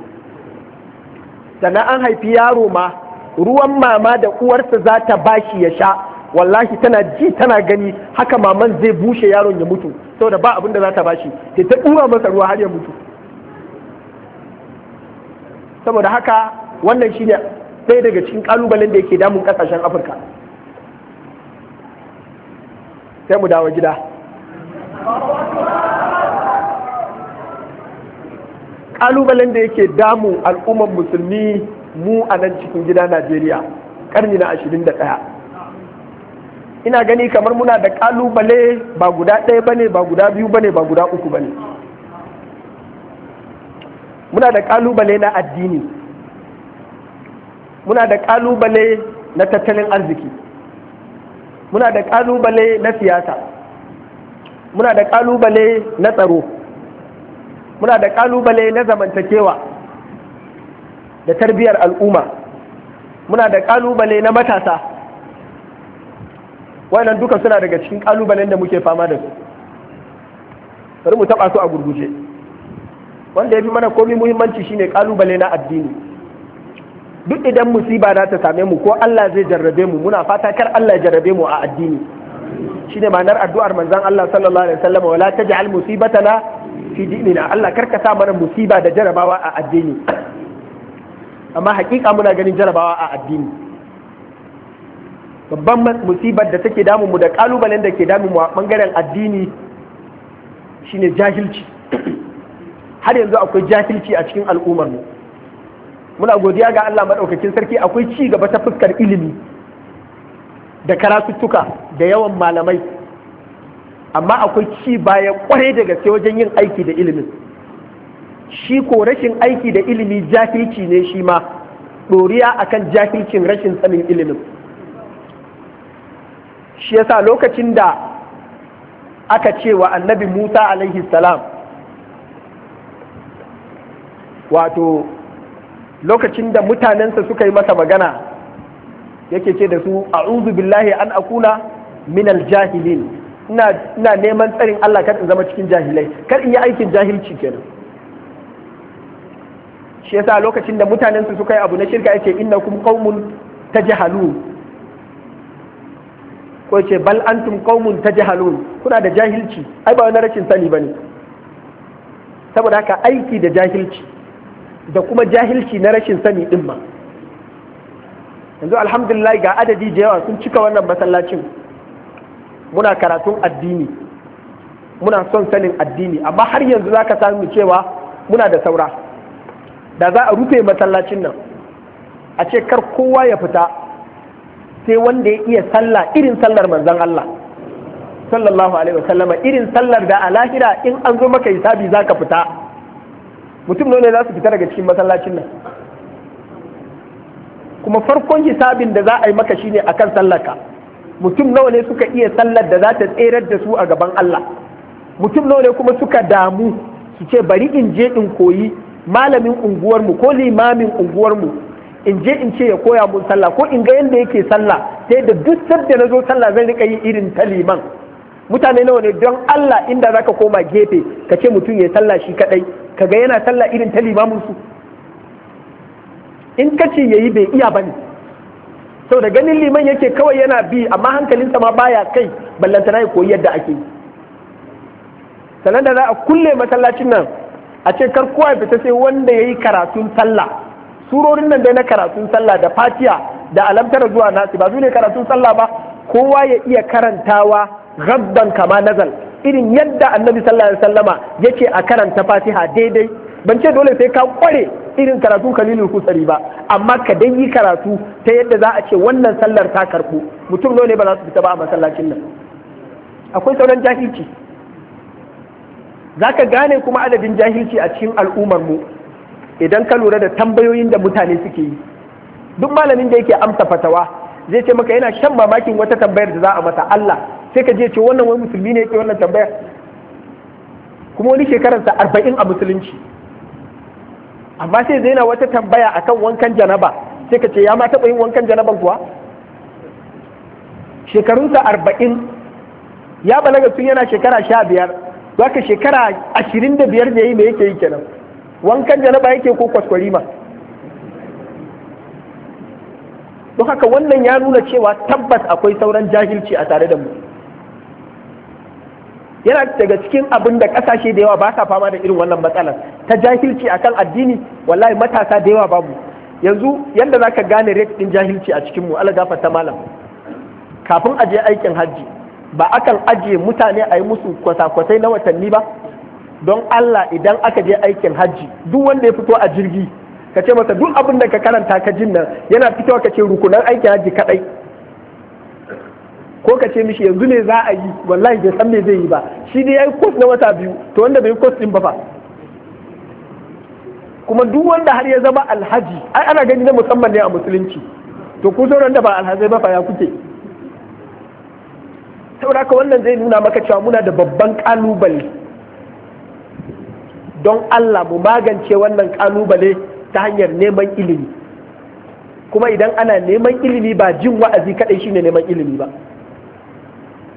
sannan an haifi yaro ma ruwan mama da uwarsa za ta bashi ya sha wallahi tana ji tana gani haka maman zai bushe yaron ya mutu saboda ba abin da za ta bashi sai ta dura masa ruwa har ya mutu saboda haka wannan shine ɗaya daga cikin kalubalen da yake damun kasashen afirka sai mu dawo gida kalubalen da yake damun al'ummar musulmi mu a nan cikin gida najeriya ƙarni na ɗaya. ina gani kamar muna da kalubale ba guda ɗaya bane ba guda biyu bane ba guda uku bane muna da kalubale na addini muna da kalubale na tattalin arziki muna da kalubale na siyasa muna da kalubale na tsaro muna da kalubale na zamantakewa da tarbiyyar al'umma muna da kalubale na matasa wannan duka suna daga cikin kalubalen da muke fama da su bari mu taba su a gurguje wanda ya fi mana komi muhimmanci shine kalubale na addini duk idan musiba za ta same mu ko Allah zai jarrabe mu muna fata kar Allah ya jarrabe mu a addini shine ma'anar addu'ar manzon Allah sallallahu alaihi wasallam wala taj'al musibatana fi dinina Allah karka sa mana musiba da jarabawa a addini amma hakika muna ganin jarabawa a addini babban musibar da take mu da kalubalen da ke mu a bangaren addini shine jahilci har yanzu akwai jahilci a cikin al'ummar mu. muna godiya ga Allah maɗaukakin sarki akwai ci gaba ta fuskar ilimi da karatuttuka da yawan malamai amma akwai ci baya kwarai daga gaske wajen yin aiki da ilimin shi ko rashin aiki da ilimi jahilci ne shi ma ɗoriya akan jahilcin rashin tsanin ilimin shi yasa lokacin da aka ce wa annabi musa alaihi salam wato lokacin da mutanensa suka yi masa magana yake ce da su unzu billahi an akuna minal jahilin ina neman tsarin Allah kar in zama cikin jahilai kar in yi aikin jahilci kenan shi yasa lokacin da mutanensa suka yi abu na shirka yake innakum qaumun jahalu ko ce bal ta qaumun tajhalun kuna da jahilci ai ba wani rashin sani bane saboda haka aiki da jahilci da kuma jahilci na rashin sani din ma yanzu alhamdulillah ga adadi da yawa sun cika wannan masallacin muna karatun addini muna son sanin addini amma har yanzu zaka samu cewa muna da saura da za a rufe masallacin nan a ce kar kowa ya fita sai wanda ya iya sallah irin sallar manzon Allah sallallahu alaihi wasallama irin sallar da a lahira in an zo maka hisabi za ka fita mutum ne za su fita daga cikin masallacin nan kuma farkon hisabin da za a yi maka shine akan sallarka mutum nawa ne suka iya sallar da za ta tserar da su a gaban Allah mutum nawa ne kuma suka damu su ce bari in je in koyi malamin unguwarmu ko limamin unguwarmu in je in ce ya koya mun sallah ko in ga yadda yake sallah sai da duk sadda na zo sallah zan rika yi irin ta liman mutane nawa ne don Allah inda zaka koma gefe ka ce mutum ya sallah shi kadai ka ga yana sallah irin ta limamin su in ka ce yayi bai iya bane sau da ganin liman yake kawai yana bi amma hankalinsa ma baya kai ballantana ya koyi yadda ake yi sannan da za a kulle masallacin nan a ce kar kowa fita sai wanda ya yi karatun sallah surorin nan dai na karatun sallah da fatiya da alamtar zuwa nasi ba su ne karatun sallah ba kowa ya iya karantawa gabban kama nazal irin yadda annabi sallallahu alaihi wasallama yake a karanta fatiha daidai ban ce dole sai ka kware irin karatu kalilul kusari ba amma ka dai yi karatu ta yadda za a ce wannan sallar ta karku mutum ne ba za su fita ba a masallacin nan akwai sauran jahilci za ka gane kuma adadin jahilci a cikin al'ummar mu idan ka lura da tambayoyin da mutane suke yi duk malamin da yake amsa fatawa zai ce maka yana shan mamakin wata tambayar da za a mata Allah sai ka je ce wannan wani musulmi ne yake wannan tambayar kuma wani sa arba'in a musulunci amma sai zai na wata tambaya akan wankan janaba sai ka ce ya ma taba yin wankan janaban kuwa Shekarun sa arba'in ya balaga tun yana shekara sha biyar zaka shekara ashirin da biyar da yi me yake yi kenan wankan janaba yake ko kwaskwarima don haka wannan ya nuna cewa tabbas akwai sauran jahilci a tare da mu yana daga cikin abin da kasashe da yawa ba sa fama da irin wannan matsalar ta jahilci akan addini wallahi matasa da yawa babu yanzu yadda za ka gane rate din jahilci a cikinmu ala ta malam kafin aje aikin hajji ba akan ajiye mutane a yi musu kwasa-kwasai na watanni ba don Allah idan aka je aikin hajji duk wanda ya fito a jirgi ka ce masa duk abin da ka karanta ka jin nan yana fitowa ka ce rukunan aikin hajji kadai ko ka ce mishi yanzu ne za a yi wallahi bai san me zai yi ba shi dai yayi course na wata biyu to wanda bai course din ba fa kuma duk wanda har ya zama alhaji ai ana gani na musamman ne a musulunci to ku sauran da ba alhazai ba fa ya kuke saboda haka wannan zai nuna maka cewa muna da babban kalubale don Allah mu magance wannan kalubale ta hanyar neman ilimi kuma idan ana neman ilimi ba jin wa'azi kadai shine neman ilimi ba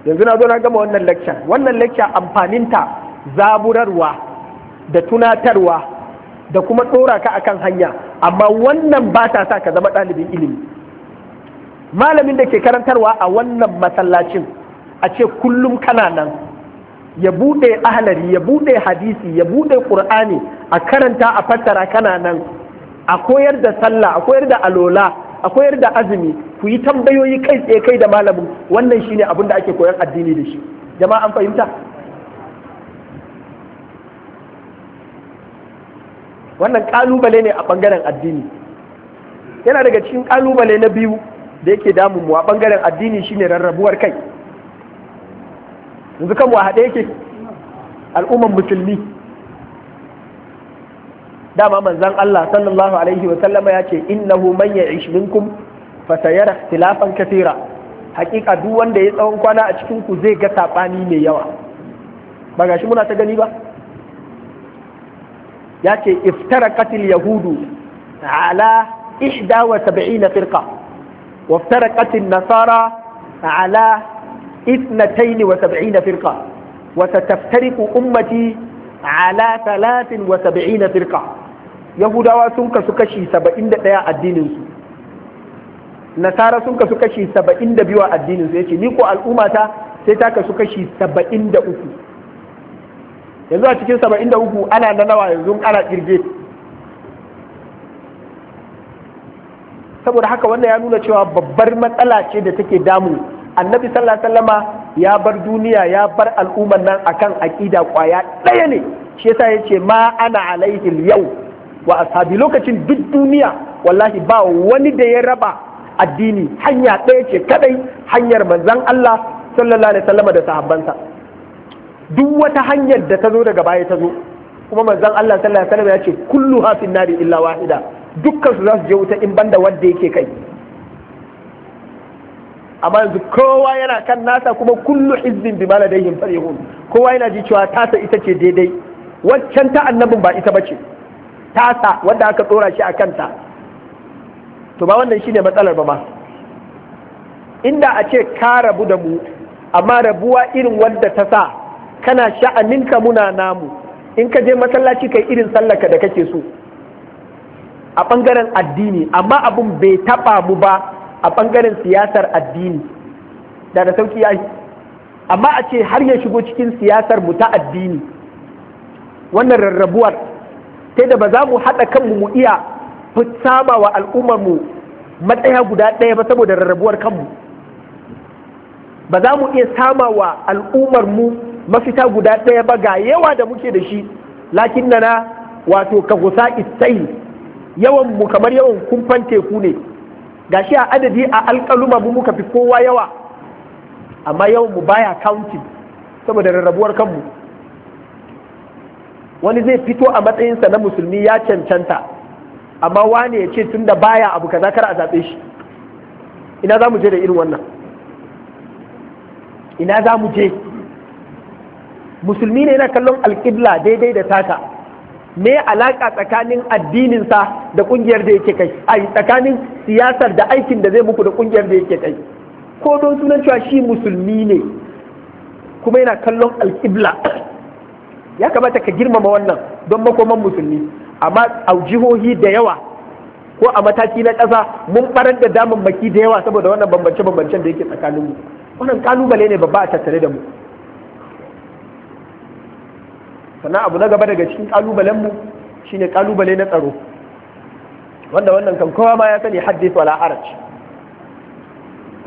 yanzu na zo na gama wannan lecture wannan lecture amfaninta zaburarwa da tunatarwa da kuma tsora ka akan hanya amma wannan ba ta sa ka zama ɗalibin ilimi malamin da ke karantarwa a wannan masallacin a ce kullum kana nan ya buɗe ahlari ya buɗe hadisi ya buɗe ƙur'ani a karanta a fassara kana nan a koyar da sallah a koyar da alola a koyar da azumi ku yi tambayoyi kai tsaye kai da malamin wannan shine abin da ake koyar addini da shi jama'a an fahimta wannan kalubale ne a bangaren addini yana daga cikin kalubale na biyu da yake damun mu a bangaren addini shine rarrabuwar kai yanzu kan haɗe yake al'umman musulmi dama manzan Allah sallallahu alaihi wa sallama ya ce innahu man ya'ish minkum fa sayara tilafan katira hakika duk wanda ya tsawon kwana a cikin ku zai ga sabani mai yawa ba gashi muna ta gani ba ya ce iftaraqat yahudu ala 71 firqa وافترقت nasara ala. اثنتين وسبعين فرقة وستفترق أمتي على ثلاث وسبعين فرقة يهودا سنك سكشي سبعين دقيقة الدين nasara sun kasu kashi saba'in da biyu a addinin su yace ni ko sai kashi saba'in da uku yanzu a cikin saba'in da uku ana nawa yanzu ana kirge saboda haka wannan ya nuna cewa babbar matsala ce da take damu annabi sallallahu alaihi wasallama ya bar duniya ya bar al'umman nan akan aqida kwaya ɗaya ne shi yasa yace ma ana alaihi yau wa ashabi lokacin duk duniya wallahi ba wani da ya raba addini hanya ɗaya ce kadai hanyar manzon Allah sallallahu alaihi wasallama da sahabbansa duk wata hanyar da ta zo daga baya ta zo kuma manzon Allah sallallahu alaihi wasallam ya ce kullu hafin nari illa wahida dukkan su za su je wuta in banda wanda yake kai amma yanzu kowa yana kan nasa kuma kullu hizbin bima ladayhim farihun kowa yana ji cewa tasa ita ce daidai waccan ta annabin ba ita bace tasa wanda aka tsora shi a kanta to ba wannan shine matsalar ba ma inda a ce ka rabu da mu amma rabuwa irin wanda ta sa kana ka muna namu in ka je masallaci kai irin sallaka da kake so a ɓangaren addini amma abun bai taɓa mu ba a ɓangaren siyasar addini da da sauki ya yi amma a ce har ya shigo cikin siyasar mu ta addini wannan rarrabuwar ta da ba za mu haɗa kanmu mu iya saba wa al'ummar mu matsaya guda ɗaya ba saboda rarrabuwar kanmu ba za mu iya sama wa al'ummar mu mafita guda ɗaya ba ga yawa da muke da shi lakin na wato ka gusa isai yawan kamar yawan kumfan teku ne gashi a adadi a alƙaluma mu muka fi kowa yawa amma yawan mu baya kaunti saboda rarrabuwar kanmu wani zai fito a matsayinsa na musulmi ya cancanta amma wani ya ce tun da baya abu kaza kar a zaɓe shi ina za mu je da irin wannan ina za mu je musulmi ne yana kallon alƙibla daidai da taka me alaka tsakanin addininsa da kungiyar da yake kai ai tsakanin siyasar da aikin da zai muku da kungiyar da yake kai ko don sunan cewa shi musulmi ne kuma yana kallon alƙibla ya kamata ka girmama wannan don makoman musulmi amma a jihohi da yawa ko a mataki na ƙasa mun barar da damammaki da yawa saboda wannan bambance-bambancen da yake tsakanin mu wannan kalubale ne babba a tattare da mu sannan abu na gaba daga cikin kalubalenmu shine kalubale na tsaro wanda wannan kan kowa ma ya sani haddith wala haraj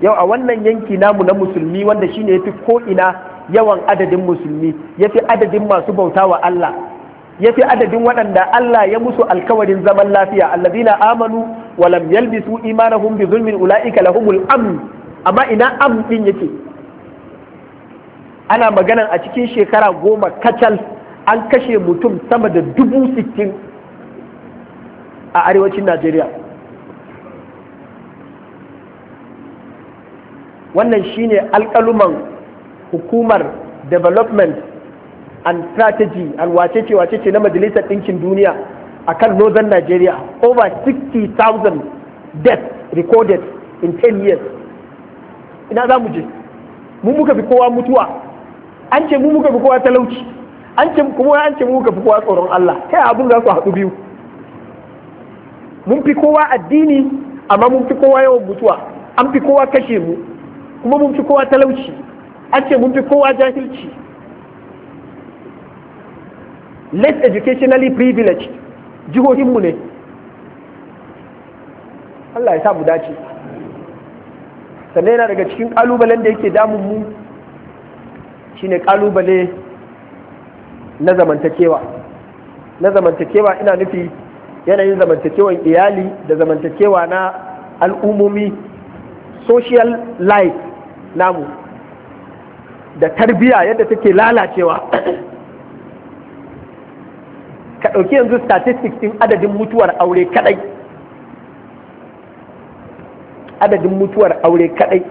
yau a wannan yanki namu na musulmi wanda shi ne ya ko ina yawan adadin musulmi ya fi adadin masu bauta wa Allah fi adadin waɗanda Allah ya musu alkawarin zaman lafiya alladina amanu wa lam yalbisu imanahum bi zulmin ulaika lahumul amn amma ina am din yake ana maganan a cikin shekara goma kacal an kashe mutum sama da dubu sittin a arewacin najeriya wannan shine alƙaluman hukumar development and strategy and wacece wacece na majalisar ɗinkin duniya a kan northern nigeria over 60,000 deaths recorded in 10 years ina za mu je mu muka fi kowa mutuwa an ce mu muka fi kowa talauci an ce kuma an ce muka fi kowa tsoron Allah kai abun za su haɗu biyu mun fi kowa addini amma mun fi kowa yawan mutuwa an fi kowa kashe mu kuma mun fi kowa talauci an ce mun fi kowa jahilci less educationally privileged jihohinmu ne Allah ya sa mu dace sannan yana daga cikin ƙalubalen da yake damun mu shine ƙalubale na zamantakewa na zamantakewa ina nufi yanayin zamantakewan iyali da zamantakewa na al'ummomi social life namu da tarbiya yadda take lalacewa ka ɗauki yanzu statistics ɗin adadin mutuwar aure kaɗai adadin mutuwar aure kaɗai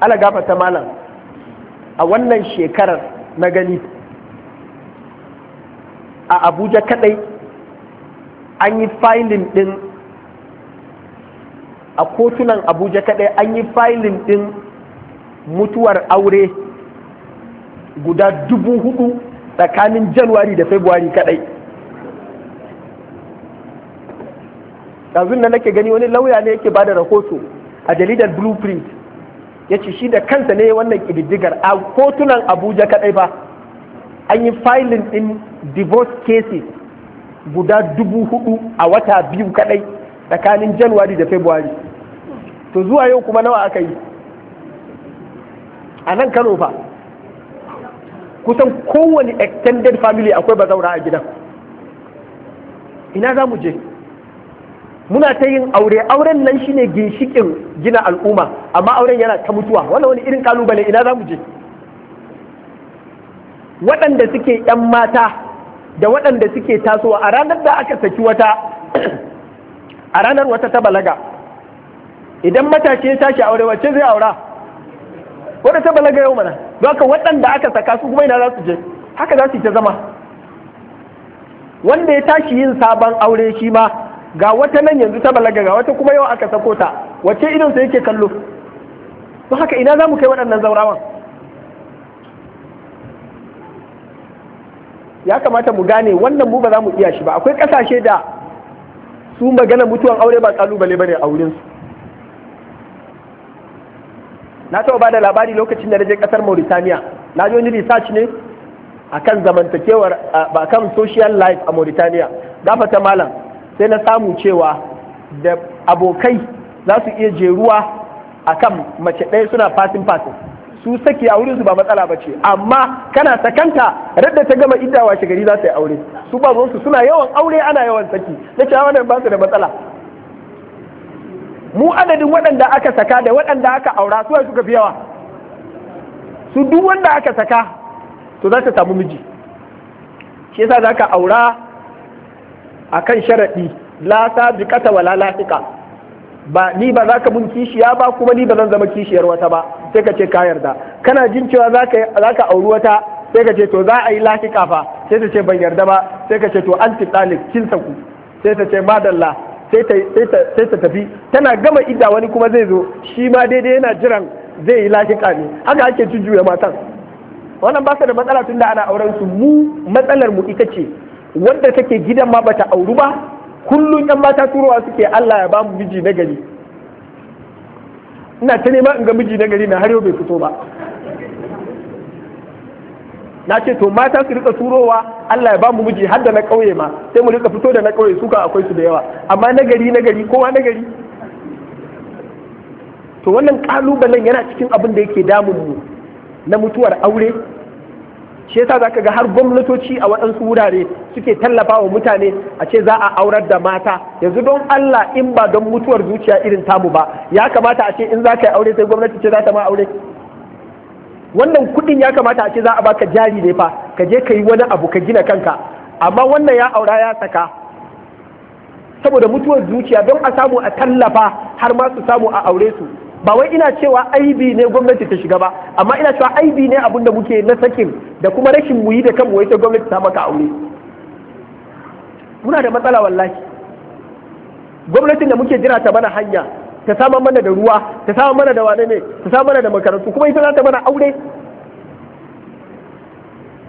ala ta malam a wannan shekarar na gani a abuja kadai an yi filin din a kotunan abuja kadai an yi filin din mutuwar aure guda dubu hudu tsakanin januwari da februari kadai yanzu da nake gani wani lauya ne yake bada rahoto a jaridar blueprint ya ce shi da kansa ne wannan kididdigar a kotunan abuja kadai ba an yi filin ɗin divorce cases guda dubu hudu a wata biyu kadai tsakanin januwari da february to zuwa yau kuma nawa aka yi a nan kano fa kusan kowane extended family akwai bazaura a gidan ina za mu je muna ta yin aure auren nan shine ginshikin gina al'umma amma auren yana ta mutuwa wannan wani irin kalubale ina za mu je waɗanda suke ‘yan mata da waɗanda suke tasowa a ranar da aka saki wata a ranar wata ta balaga idan matashi ya tashi aure wacce zai aura wadda ta balaga yau mana don haka waɗanda aka saka su kuma ina za su je haka za su yi ta zama wanda ya tashi yin sabon aure shi ma ga wata nan yanzu ta balaga ga wata kuma yau aka sako ta wacce idonsa yake kallo don haka ina za mu kai waɗannan zaurawan ya kamata mu gane wannan mu ba za mu iya shi ba akwai kasashe da su magana mutuwan aure ba kalubale bane a wurin su na taɓa bada labari lokacin da na je ƙasar Mauritania na ji wani research ne akan zamantakewar ba kan social life a Mauritania gafata malam sai na samu cewa da abokai za su iya jeruwa akan mace ɗaya suna fasin fasin su saki a su ba matsala ba ce amma kana sakanta radda ta gama idda washe gari za su yi aure su ba su suna yawan aure ana yawan saki na cewa ah, wannan ba su da matsala mu adadin waɗanda aka saka da waɗanda aka aura su suka fi yawa su duk wanda aka saka to za ta samu miji shi yasa za ka aura akan sharaɗi la sabiqata wala lafiqa ba ni ba za ka mun kishiya ba kuma ni ba zan zama kishiyar wata ba sai ka ce ka yarda kana jin cewa za ka auri wata sai ka ce to za a yi lafiƙa fa sai ta ce ban yarda ba sai ka ce to anti talib kin ku sai ta ce madalla sai ta tafi tana gama idda wani kuma zai zo shi ma daidai yana jiran zai yi lafiƙa ne haka ake jujjuya matan wannan ba da matsala tun da ana auren su mu matsalar mu ita ce wanda take gidan ma bata auru ba kullum yan mata turowa suke Allah ya ba mu miji na gari ina ta nema in ga miji na gari na har yau bai fito ba na ce to mata su rika turowa Allah ya ba mu miji har da na ƙauye ma sai mu rika fito da na ƙauye suka akwai su da yawa amma na gari na gari kowa na gari to wannan kalubalen yana cikin abin da yake damun mu na mutuwar aure shi yasa zaka ga har gwamnatoci a waɗansu wurare suke tallafa wa mutane a ce za a aurar da mata yanzu don Allah in ba don mutuwar zuciya irin tamu ba ya kamata a ce in za ka yi aure sai gwamnati ce za ta ma aure wannan kuɗin ya kamata a ce za a baka jari ne fa ka je ka yi wani abu ka gina kanka amma wannan ya aura ya saka saboda mutuwar zuciya don a samu a tallafa har ma su samu a aure su ba wai ina cewa aibi ne gwamnati ta shiga ba amma ina cewa aibi ne abin da muke na sakin da kuma rashin muyi da kanmu wai sai gwamnati ta maka aure muna da matsala wallahi gwamnatin da muke jira ta mana hanya ta samar mana da ruwa ta samar mana da wane ne ta samar mana da makarantu kuma ita za ta mana aure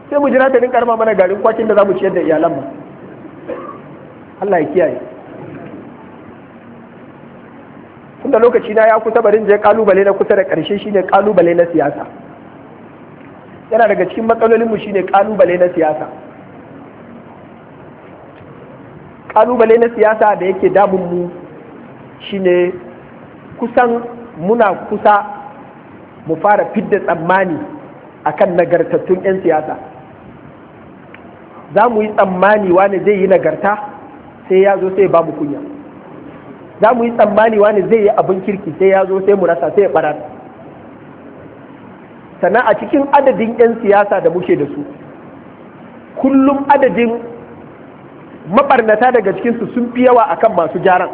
sai mu jira ta rinka mana garin kwakin da za mu ciyar da iyalan mu Allah ya kiyaye tunda lokaci na ya kusa barin je kalubale na kusa da karshe shine kalubale na siyasa yana daga cikin matsalolinmu shine kalubale na siyasa kalubale na siyasa da yake damunmu shine kusan muna kusa mu fara fidda tsammani akan nagartattun 'yan siyasa za mu yi tsammani wani zai yi nagarta sai ya zo sai ba mu kunya za mu yi tsammani wani zai yi abin kirki sai ya zo sai mu rasa sai ya barar sannan a cikin adadin 'yan siyasa da muke da su kullum adadin maɓarnata daga cikinsu sun fi yawa akan masu jaran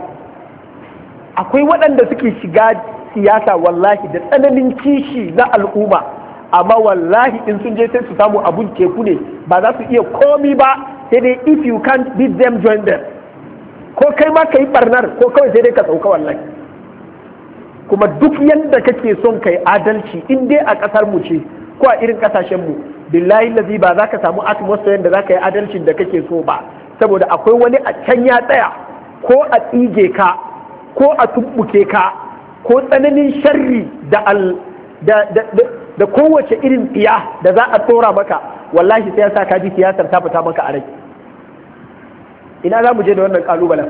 akwai waɗanda suke shiga siyasa wallahi da tsananin kishi na al'umma amma wallahi in sun je sai su samu abun teku ne ba za su iya komi ba sai dai if you can't beat them join them ko kai ma ka yi barnar ko kawai sai dai ka sauka wallahi kuma duk yadda kake son ka adalci in dai a ƙasar mu ce ko a irin ƙasashen mu billahi lazi ba za ka samu atmosphere da za ka yi adalcin da kake so ba saboda akwai wani a can ya tsaya ko a tsige ka ko a tumbuke ka ko tsananin sharri da kowace irin tsiya da za a tsora maka wallahi sai ya sa ka ji siyasar ta fita maka a rai ina za mu je da wannan kalubalen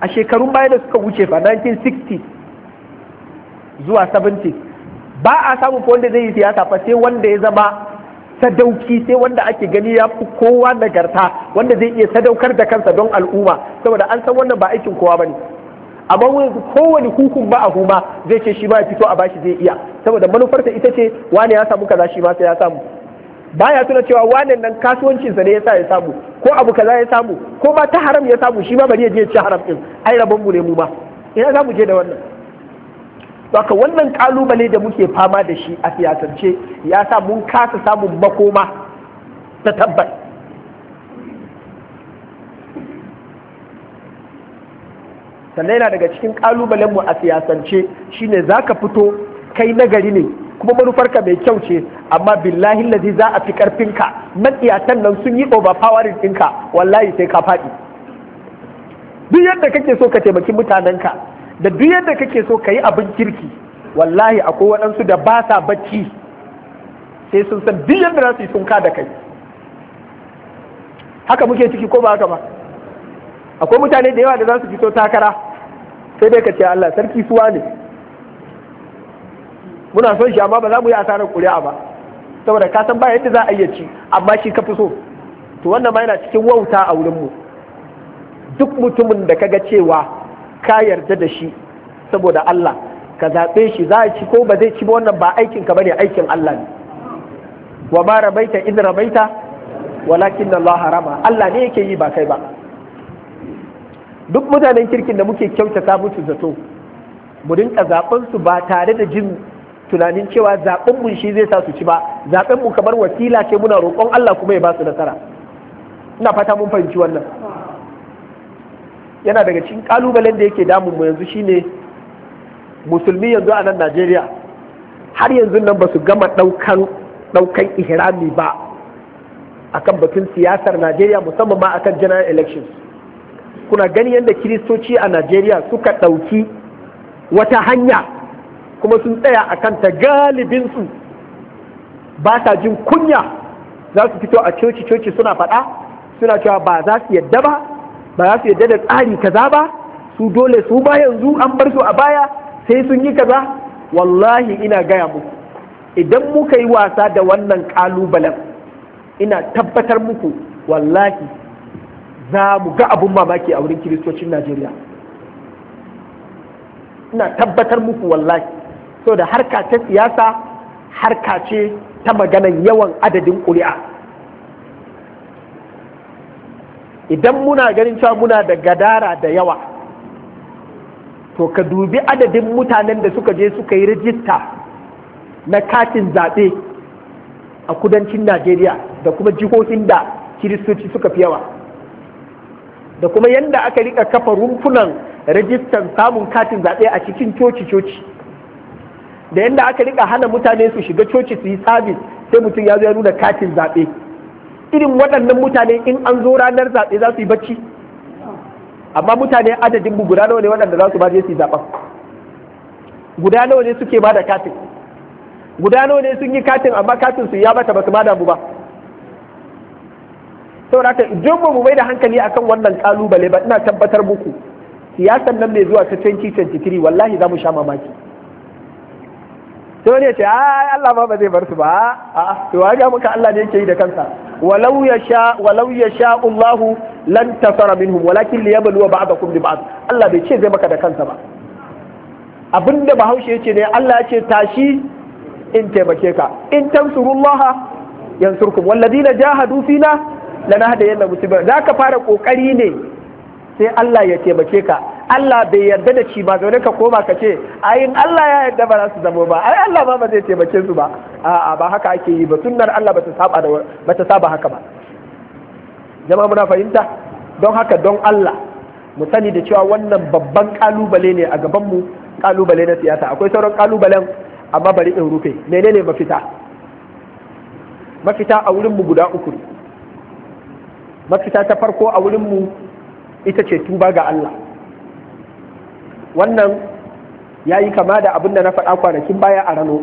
a shekarun baya da suka wuce fa 1960 zuwa 70 ba a samun ko wanda zai yi siyasa fa sai wanda ya zama sadauki sai wanda ake gani ya fi kowa nagarta wanda zai iya sadaukar da kansa don al'umma saboda an san wannan ba aikin kowa bane amma kowane hukun ba a huma zai ce shi ma ya fito a bashi zai iya saboda manufarta ita ce wani ya samu kaza shi ma sai ya samu baya tuna cewa wannan nan kasuwancin sa ne yasa ya samu ko abu kaza ya samu ko ba ta haram ya samu shi ma bari ya je ci haram din ai rabon mu ne mu ba ina za mu je da wannan ka wannan kalubale da muke fama da shi a siyasance ya sa mun kasa samun makoma ta tabbas sannan yana daga cikin kalubalen mu a siyasance shine zaka fito kai nagari ne kuma manufarka mai kyau ce amma billahi lazi za a fi karfinka matsiyatan nan sun yi overpowering ɗinka wallahi sai ka faɗi duk yadda kake so ka taimaki mutanenka da duk yadda kake so ka yi abin kirki wallahi akwai waɗansu da ba sa bacci sai sun san duk yadda za su yi sunka da kai haka muke ciki ko ba haka ba akwai mutane da yawa da za su fito takara sai dai ka ce Allah sarki suwa ne muna son shi amma ba za mu yi asarar ƙuri'a ba saboda ka san ba yadda za a iya ci amma shi ka fi so to wannan ma yana cikin wauta a wurin mu duk mutumin da kaga cewa ka yarda da shi saboda Allah ka zaɓe shi za a ci ko ba zai ci ba wannan ba aikin ka bane aikin Allah ne wa ma rabaita idh rabaita walakin Allah harama Allah ne yake yi ba kai ba duk mutanen kirkin da muke kyautata musu zato mu rinka zaɓen su ba tare da jin tunanin cewa zaɓen mu shi zai sa su ci ba zaɓen mu kamar wasila ce muna roƙon Allah kuma ya ba su nasara ina fata mun fahimci wannan yana daga cikin kalubalen da yake damun mu yanzu shine musulmi yanzu a nan Najeriya har yanzu nan ba su gama ɗaukan ɗaukan ihrami ba akan batun siyasar Najeriya musamman ma akan general elections kuna gani yadda kiristoci a Najeriya suka ɗauki wata hanya kuma sun tsaya a kanta galibinsu ba ta jin kunya za su fito a coci coci suna faɗa suna cewa ba za su yadda ba ba za su yadda da tsari kaza ba su dole su ba yanzu an bar su a baya sai sun yi kaza wallahi ina gaya muku idan muka yi wasa da wannan kalubalen ina tabbatar muku wallahi za mu ga abun mamaki a wurin kiristocin najeriya ina tabbatar muku wallahi so da harka ta siyasa harka ce ta maganan yawan adadin ƙuri'a idan muna ganin cewa muna da gadara da yawa to ka dubi adadin mutanen da suka je suka yi rijista na katin zaɓe a kudancin najeriya da kuma jihohin da kiristoci suka fi yawa da kuma yadda aka rika kafa rumfunan rajistan samun katin zaɓe a cikin coci-coci da yadda aka rika hana mutane su shiga coci su yi sabis sai mutum ya zo ya nuna katin zaɓe irin waɗannan mutane in an zo ranar zaɓe za su yi bacci amma mutane adadin guda nawa ne waɗanda za su ba je su yi zaɓen guda nawa ne suke ba da katin guda nawa ne sun yi katin amma katin su ya bata ba su ma damu ba saboda haka idan mu mai da hankali akan wannan kalubale ba ina tabbatar muku Siyasan nan mai zuwa ta 2023 wallahi za mu sha mamaki sai wani ya ce ai Allah ma ba zai bar su ba a to ga muka Allah ne yake yi da kansa walau yasha walau yasha Allah lan tasara minhum walakin liyabluwa ba'dakum bi ba'd Allah bai ce zai maka da kansa ba abinda bahaushe yace ne Allah ya ce tashi in taimake ka in tansurullah yansurkum walladina jahadu fina lanahdayanna musibah zaka fara kokari ne sai Allah ya taimake ka Allah bai yarda da shi ba zaune ka koma ka ce ayin Allah ya yarda ba za su zamo ba ai Allah ba ba zai taimake su ba a'a ba haka ake yi ba sunnar Allah ba ta saba da saba haka ba jama'a muna fahimta don haka don Allah mu sani da cewa wannan babban kalubale ne a gaban mu kalubale na siyasa akwai sauran kalubalen amma bari in rufe menene mafita mafita a wurin mu guda uku mafita ta farko a wurin mu ita ce tuba ga Allah wannan ya yi kama da abin da na faɗa kwanakin baya a rano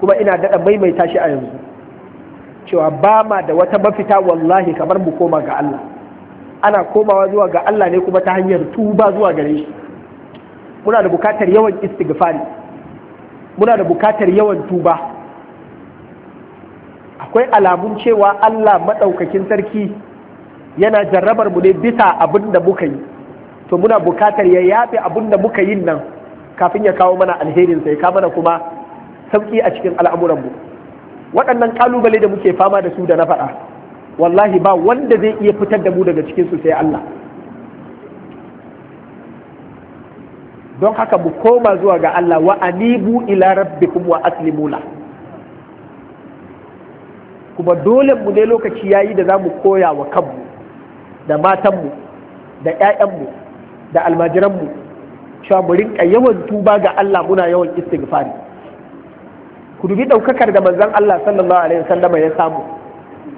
kuma ina daɗa maimaita shi a yanzu cewa ba ma da wata mafita wallahi kamar mu koma ga Allah ana komawa zuwa ga Allah ne kuma ta hanyar tuba zuwa gare shi muna da bukatar yawan istighfari muna da bukatar yawan tuba akwai alamun cewa Allah maɗaukakin sarki yana jarrabar mu ne bisa abin da muka yi to muna bukatar ya yafe abin da muka yin nan kafin ya kawo mana alherin sai ka mana kuma sauki a cikin al'amuran mu waɗannan kalubale da muke fama da su da na faɗa wallahi ba wanda zai iya fitar da mu daga cikin su sai Allah don haka mu koma zuwa ga Allah wa anibu ila rabbikum wa aslimu la kuma dole mu ne lokaci yayi da za mu koya wa kanmu da matanmu da 'ya'yanmu da almajiranmu cewa mu rinka yawan tuba ga Allah muna yawan istighfari ku dubi daukakar da manzon Allah sallallahu alaihi wasallam ya samu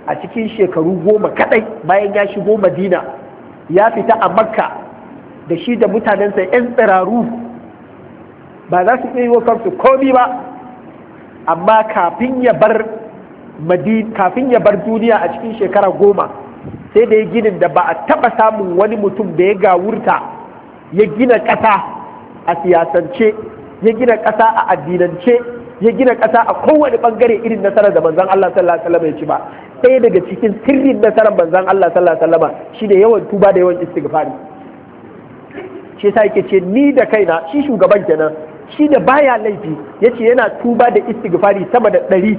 a cikin shekaru goma kadai bayan ya shigo Madina ya fita a Makka da shi da mutanensa 'yan tsiraru ba za su iya yi su komi ba amma kafin ya bar kafin ya bar duniya a cikin shekara goma sai da ya ginin da ba a taba samun wani mutum da ya gawurta ya gina ƙasa a siyasance ya gina ƙasa a addinance ya gina ƙasa a kowane ɓangare irin nasarar da manzon Allah sallallahu alaihi wasallam ya ci ba ɗaya daga cikin sirrin nasarar manzon Allah sallallahu alaihi wasallam shine yawan tuba da yawan istighfari shi yake ce ni da kaina shi shugaban kenan shi da baya laifi yace yana tuba da istighfari sama da ɗari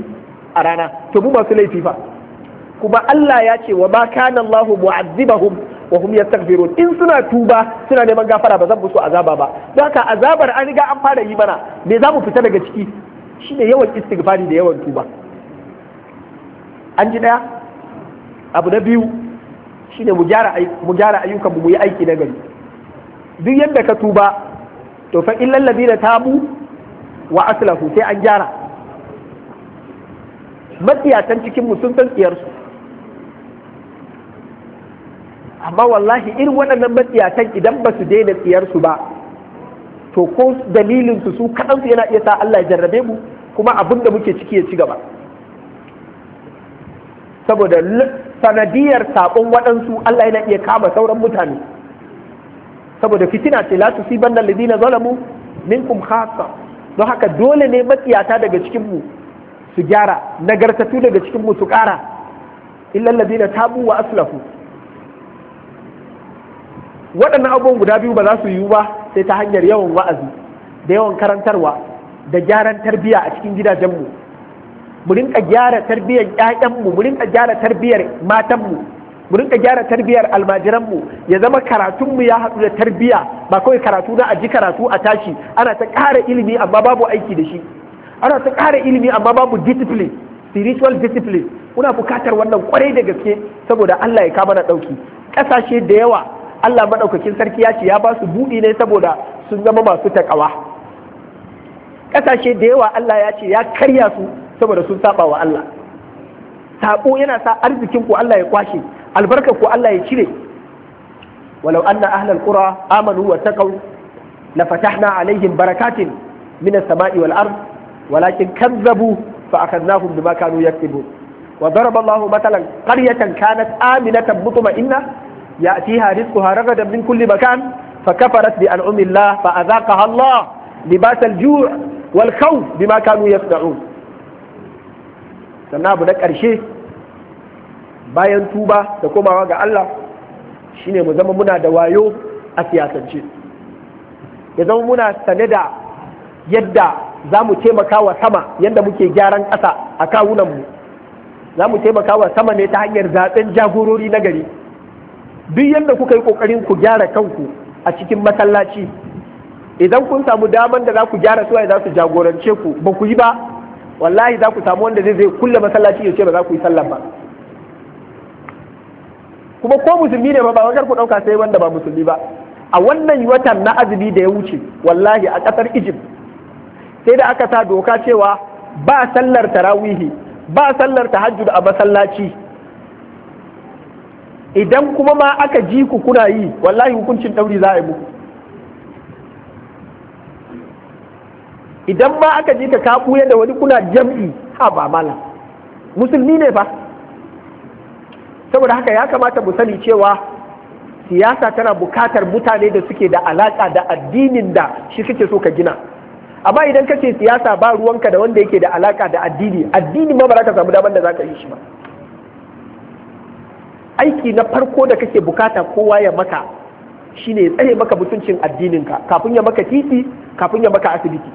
a rana to mu masu laifi fa kuma Allah ya ce wa ma kana Allahu mu'azzibahum wa hum yastaghfirun in suna tuba suna neman gafara ba zan musu azaba ba don haka azabar an riga an fara yi mana me za mu fita daga ciki shine yawan istighfari da yawan tuba an ji daya abu na biyu shine mu mu gyara ayyukan mu yi aiki na gari duk yadda ka tuba to fa illal ladina tabu wa aslahu sai an gyara matsiyatan cikin mu sun san tsiyarsu amma wallahi irin waɗannan matsiyatan idan ba su daina tsiyarsu ba to ko dalilin su su kaɗansu yana iya sa Allah ya jarrabe mu kuma abin da muke ciki ya ci gaba saboda sanadiyar saƙon waɗansu Allah yana iya kama sauran mutane saboda fitina ce la tusiban nan ladina zalamu minkum khassa don haka dole ne matsiyata daga cikin mu su gyara nagartatu daga cikin mu su ƙara illal ladina tabu wa aslafu waɗannan abubuwan guda biyu ba za su yiwu ba sai ta hanyar yawan wa'azi da yawan karantarwa da gyaran tarbiyya a cikin gidajenmu mu rinka gyara tarbiyyar ƴaƴanmu mu rinka gyara tarbiyyar matanmu mu rinka gyara tarbiyyar almajiranmu ya zama karatunmu ya haɗu da tarbiyya ba kawai karatu na a ji karatu a tashi ana ta ƙara ilimi amma babu aiki da shi ana ta ƙara ilimi amma babu discipline spiritual discipline muna bukatar wannan kwarai da gaske saboda Allah ya kama na ɗauki ƙasashe da yawa Allah maɗaukakin sarki ya ce ya ba su buɗi ne saboda sun zama masu takawa ƙasashe da yawa Allah ya ce ya karya su saboda sun saba wa Allah saƙo yana sa arzikin ku Allah ya kwashe albarkar ku Allah ya cire walau anna ahlal qura amanu wa taqaw la fatahna alaihim barakatin minas sama'i wal ard walakin kazzabu fa akhadnahum bima kanu yaktubun وضرب الله مثلا قرية كانت آمنة مطمئنة يأتيها رزقها رغدا من كل مكان فكفرت بأنعم الله فأذاقها الله لباس الجوع والخوف بما كانوا يصنعون sannan abu na ƙarshe bayan tuba da komawa ga Allah shine mu zama muna da wayo a siyasance ya zama muna sane da yadda za mu taimaka wa sama yadda muke gyaran ƙasa a kawunanmu za mu taimaka wa sama ne ta hanyar zaɓen jagorori na gari duk yadda kuka yi kokarin ku gyara kanku a cikin masallaci idan kun samu daman da za ku gyara suwaye za su jagorance ku ba ku yi ba wallahi za ku samu wanda zai zai kulle masallaci ya ce ba za ku yi sallah ba kuma ko musulmi ne ba ba wajen ku ɗauka sai wanda ba musulmi ba a wannan watan na azumi da ya wuce wallahi a ƙasar egypt sai da aka sa doka cewa ba sallar tarawihi ba sallar tahajjud a masallaci idan kuma ma aka ji ku kuna yi wallahi hukuncin ɗauri za a yi muku idan ma aka ji ka kaɓu yadda wani kuna jam'i ha ba mala musulmi ne ba? saboda haka ya kamata mu sani cewa siyasa tana bukatar mutane da suke da alaƙa da addinin da shi suke so ka gina amma idan kake siyasa ba ruwanka da wanda yake da alaƙa da addini addini ma ba za ka samu damar da za ka yi shi ba aiki na farko da kake bukata kowa ya maka shine ya tsare maka mutuncin addininka kafin ya maka titi kafin ya maka asibiti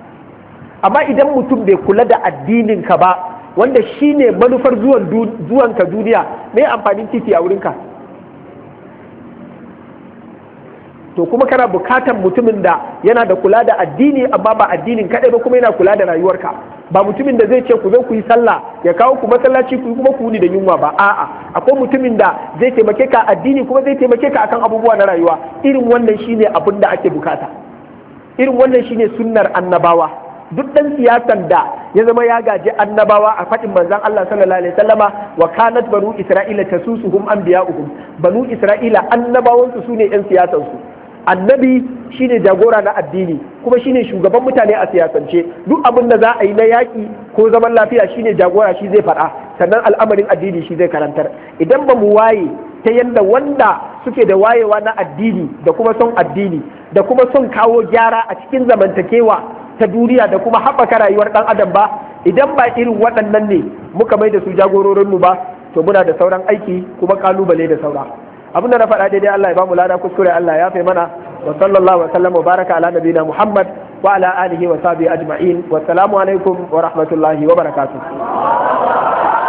amma idan mutum bai kula da addininka ba wanda shine manufar zuwanka duniya mai amfanin titi a wurinka to kuma kana bukatan mutumin da yana da kula da addini amma ba addinin kadai ba kuma yana kula da rayuwarka ba mutumin da zai ce ku zo ku yi sallah ya kawo ku masallaci ku kuma ku ni da yunwa ba a'a akwai mutumin da zai taimake ka addini kuma zai taimake ka akan abubuwa na rayuwa irin wannan shine abin da ake bukata irin wannan shine sunnar annabawa duk dan siyasan da ya zama ya gaji annabawa a faɗin manzon Allah sallallahu alaihi wasallama wa kanat banu isra'ila tasusuhum anbiya'uhum banu isra'ila annabawansu sune yan siyasansu annabi shine jagora na addini kuma shine shugaban mutane a siyasance duk abin da za a yi na yaƙi ko zaman lafiya shine jagora shi zai faɗa sannan al'amarin addini shi zai karantar idan ba mu waye ta yadda wanda suke da wayewa na addini da kuma son addini da kuma son kawo gyara a cikin zamantakewa ta duniya da kuma haɓaka rayuwar ɗan adam ba idan ba irin waɗannan ne muka mai da su jagororinmu ba to muna da sauran aiki kuma ƙalubale da saura. da na faɗa daidai Allah ya bamu lada kuskure Allah ya fai mana wa sallallahu wa sallam wa baraka ala nabina Muhammad wa ala alihi wa sahbihi ajma'in wa assalamu alaikum wa rahmatullahi wa barakatuh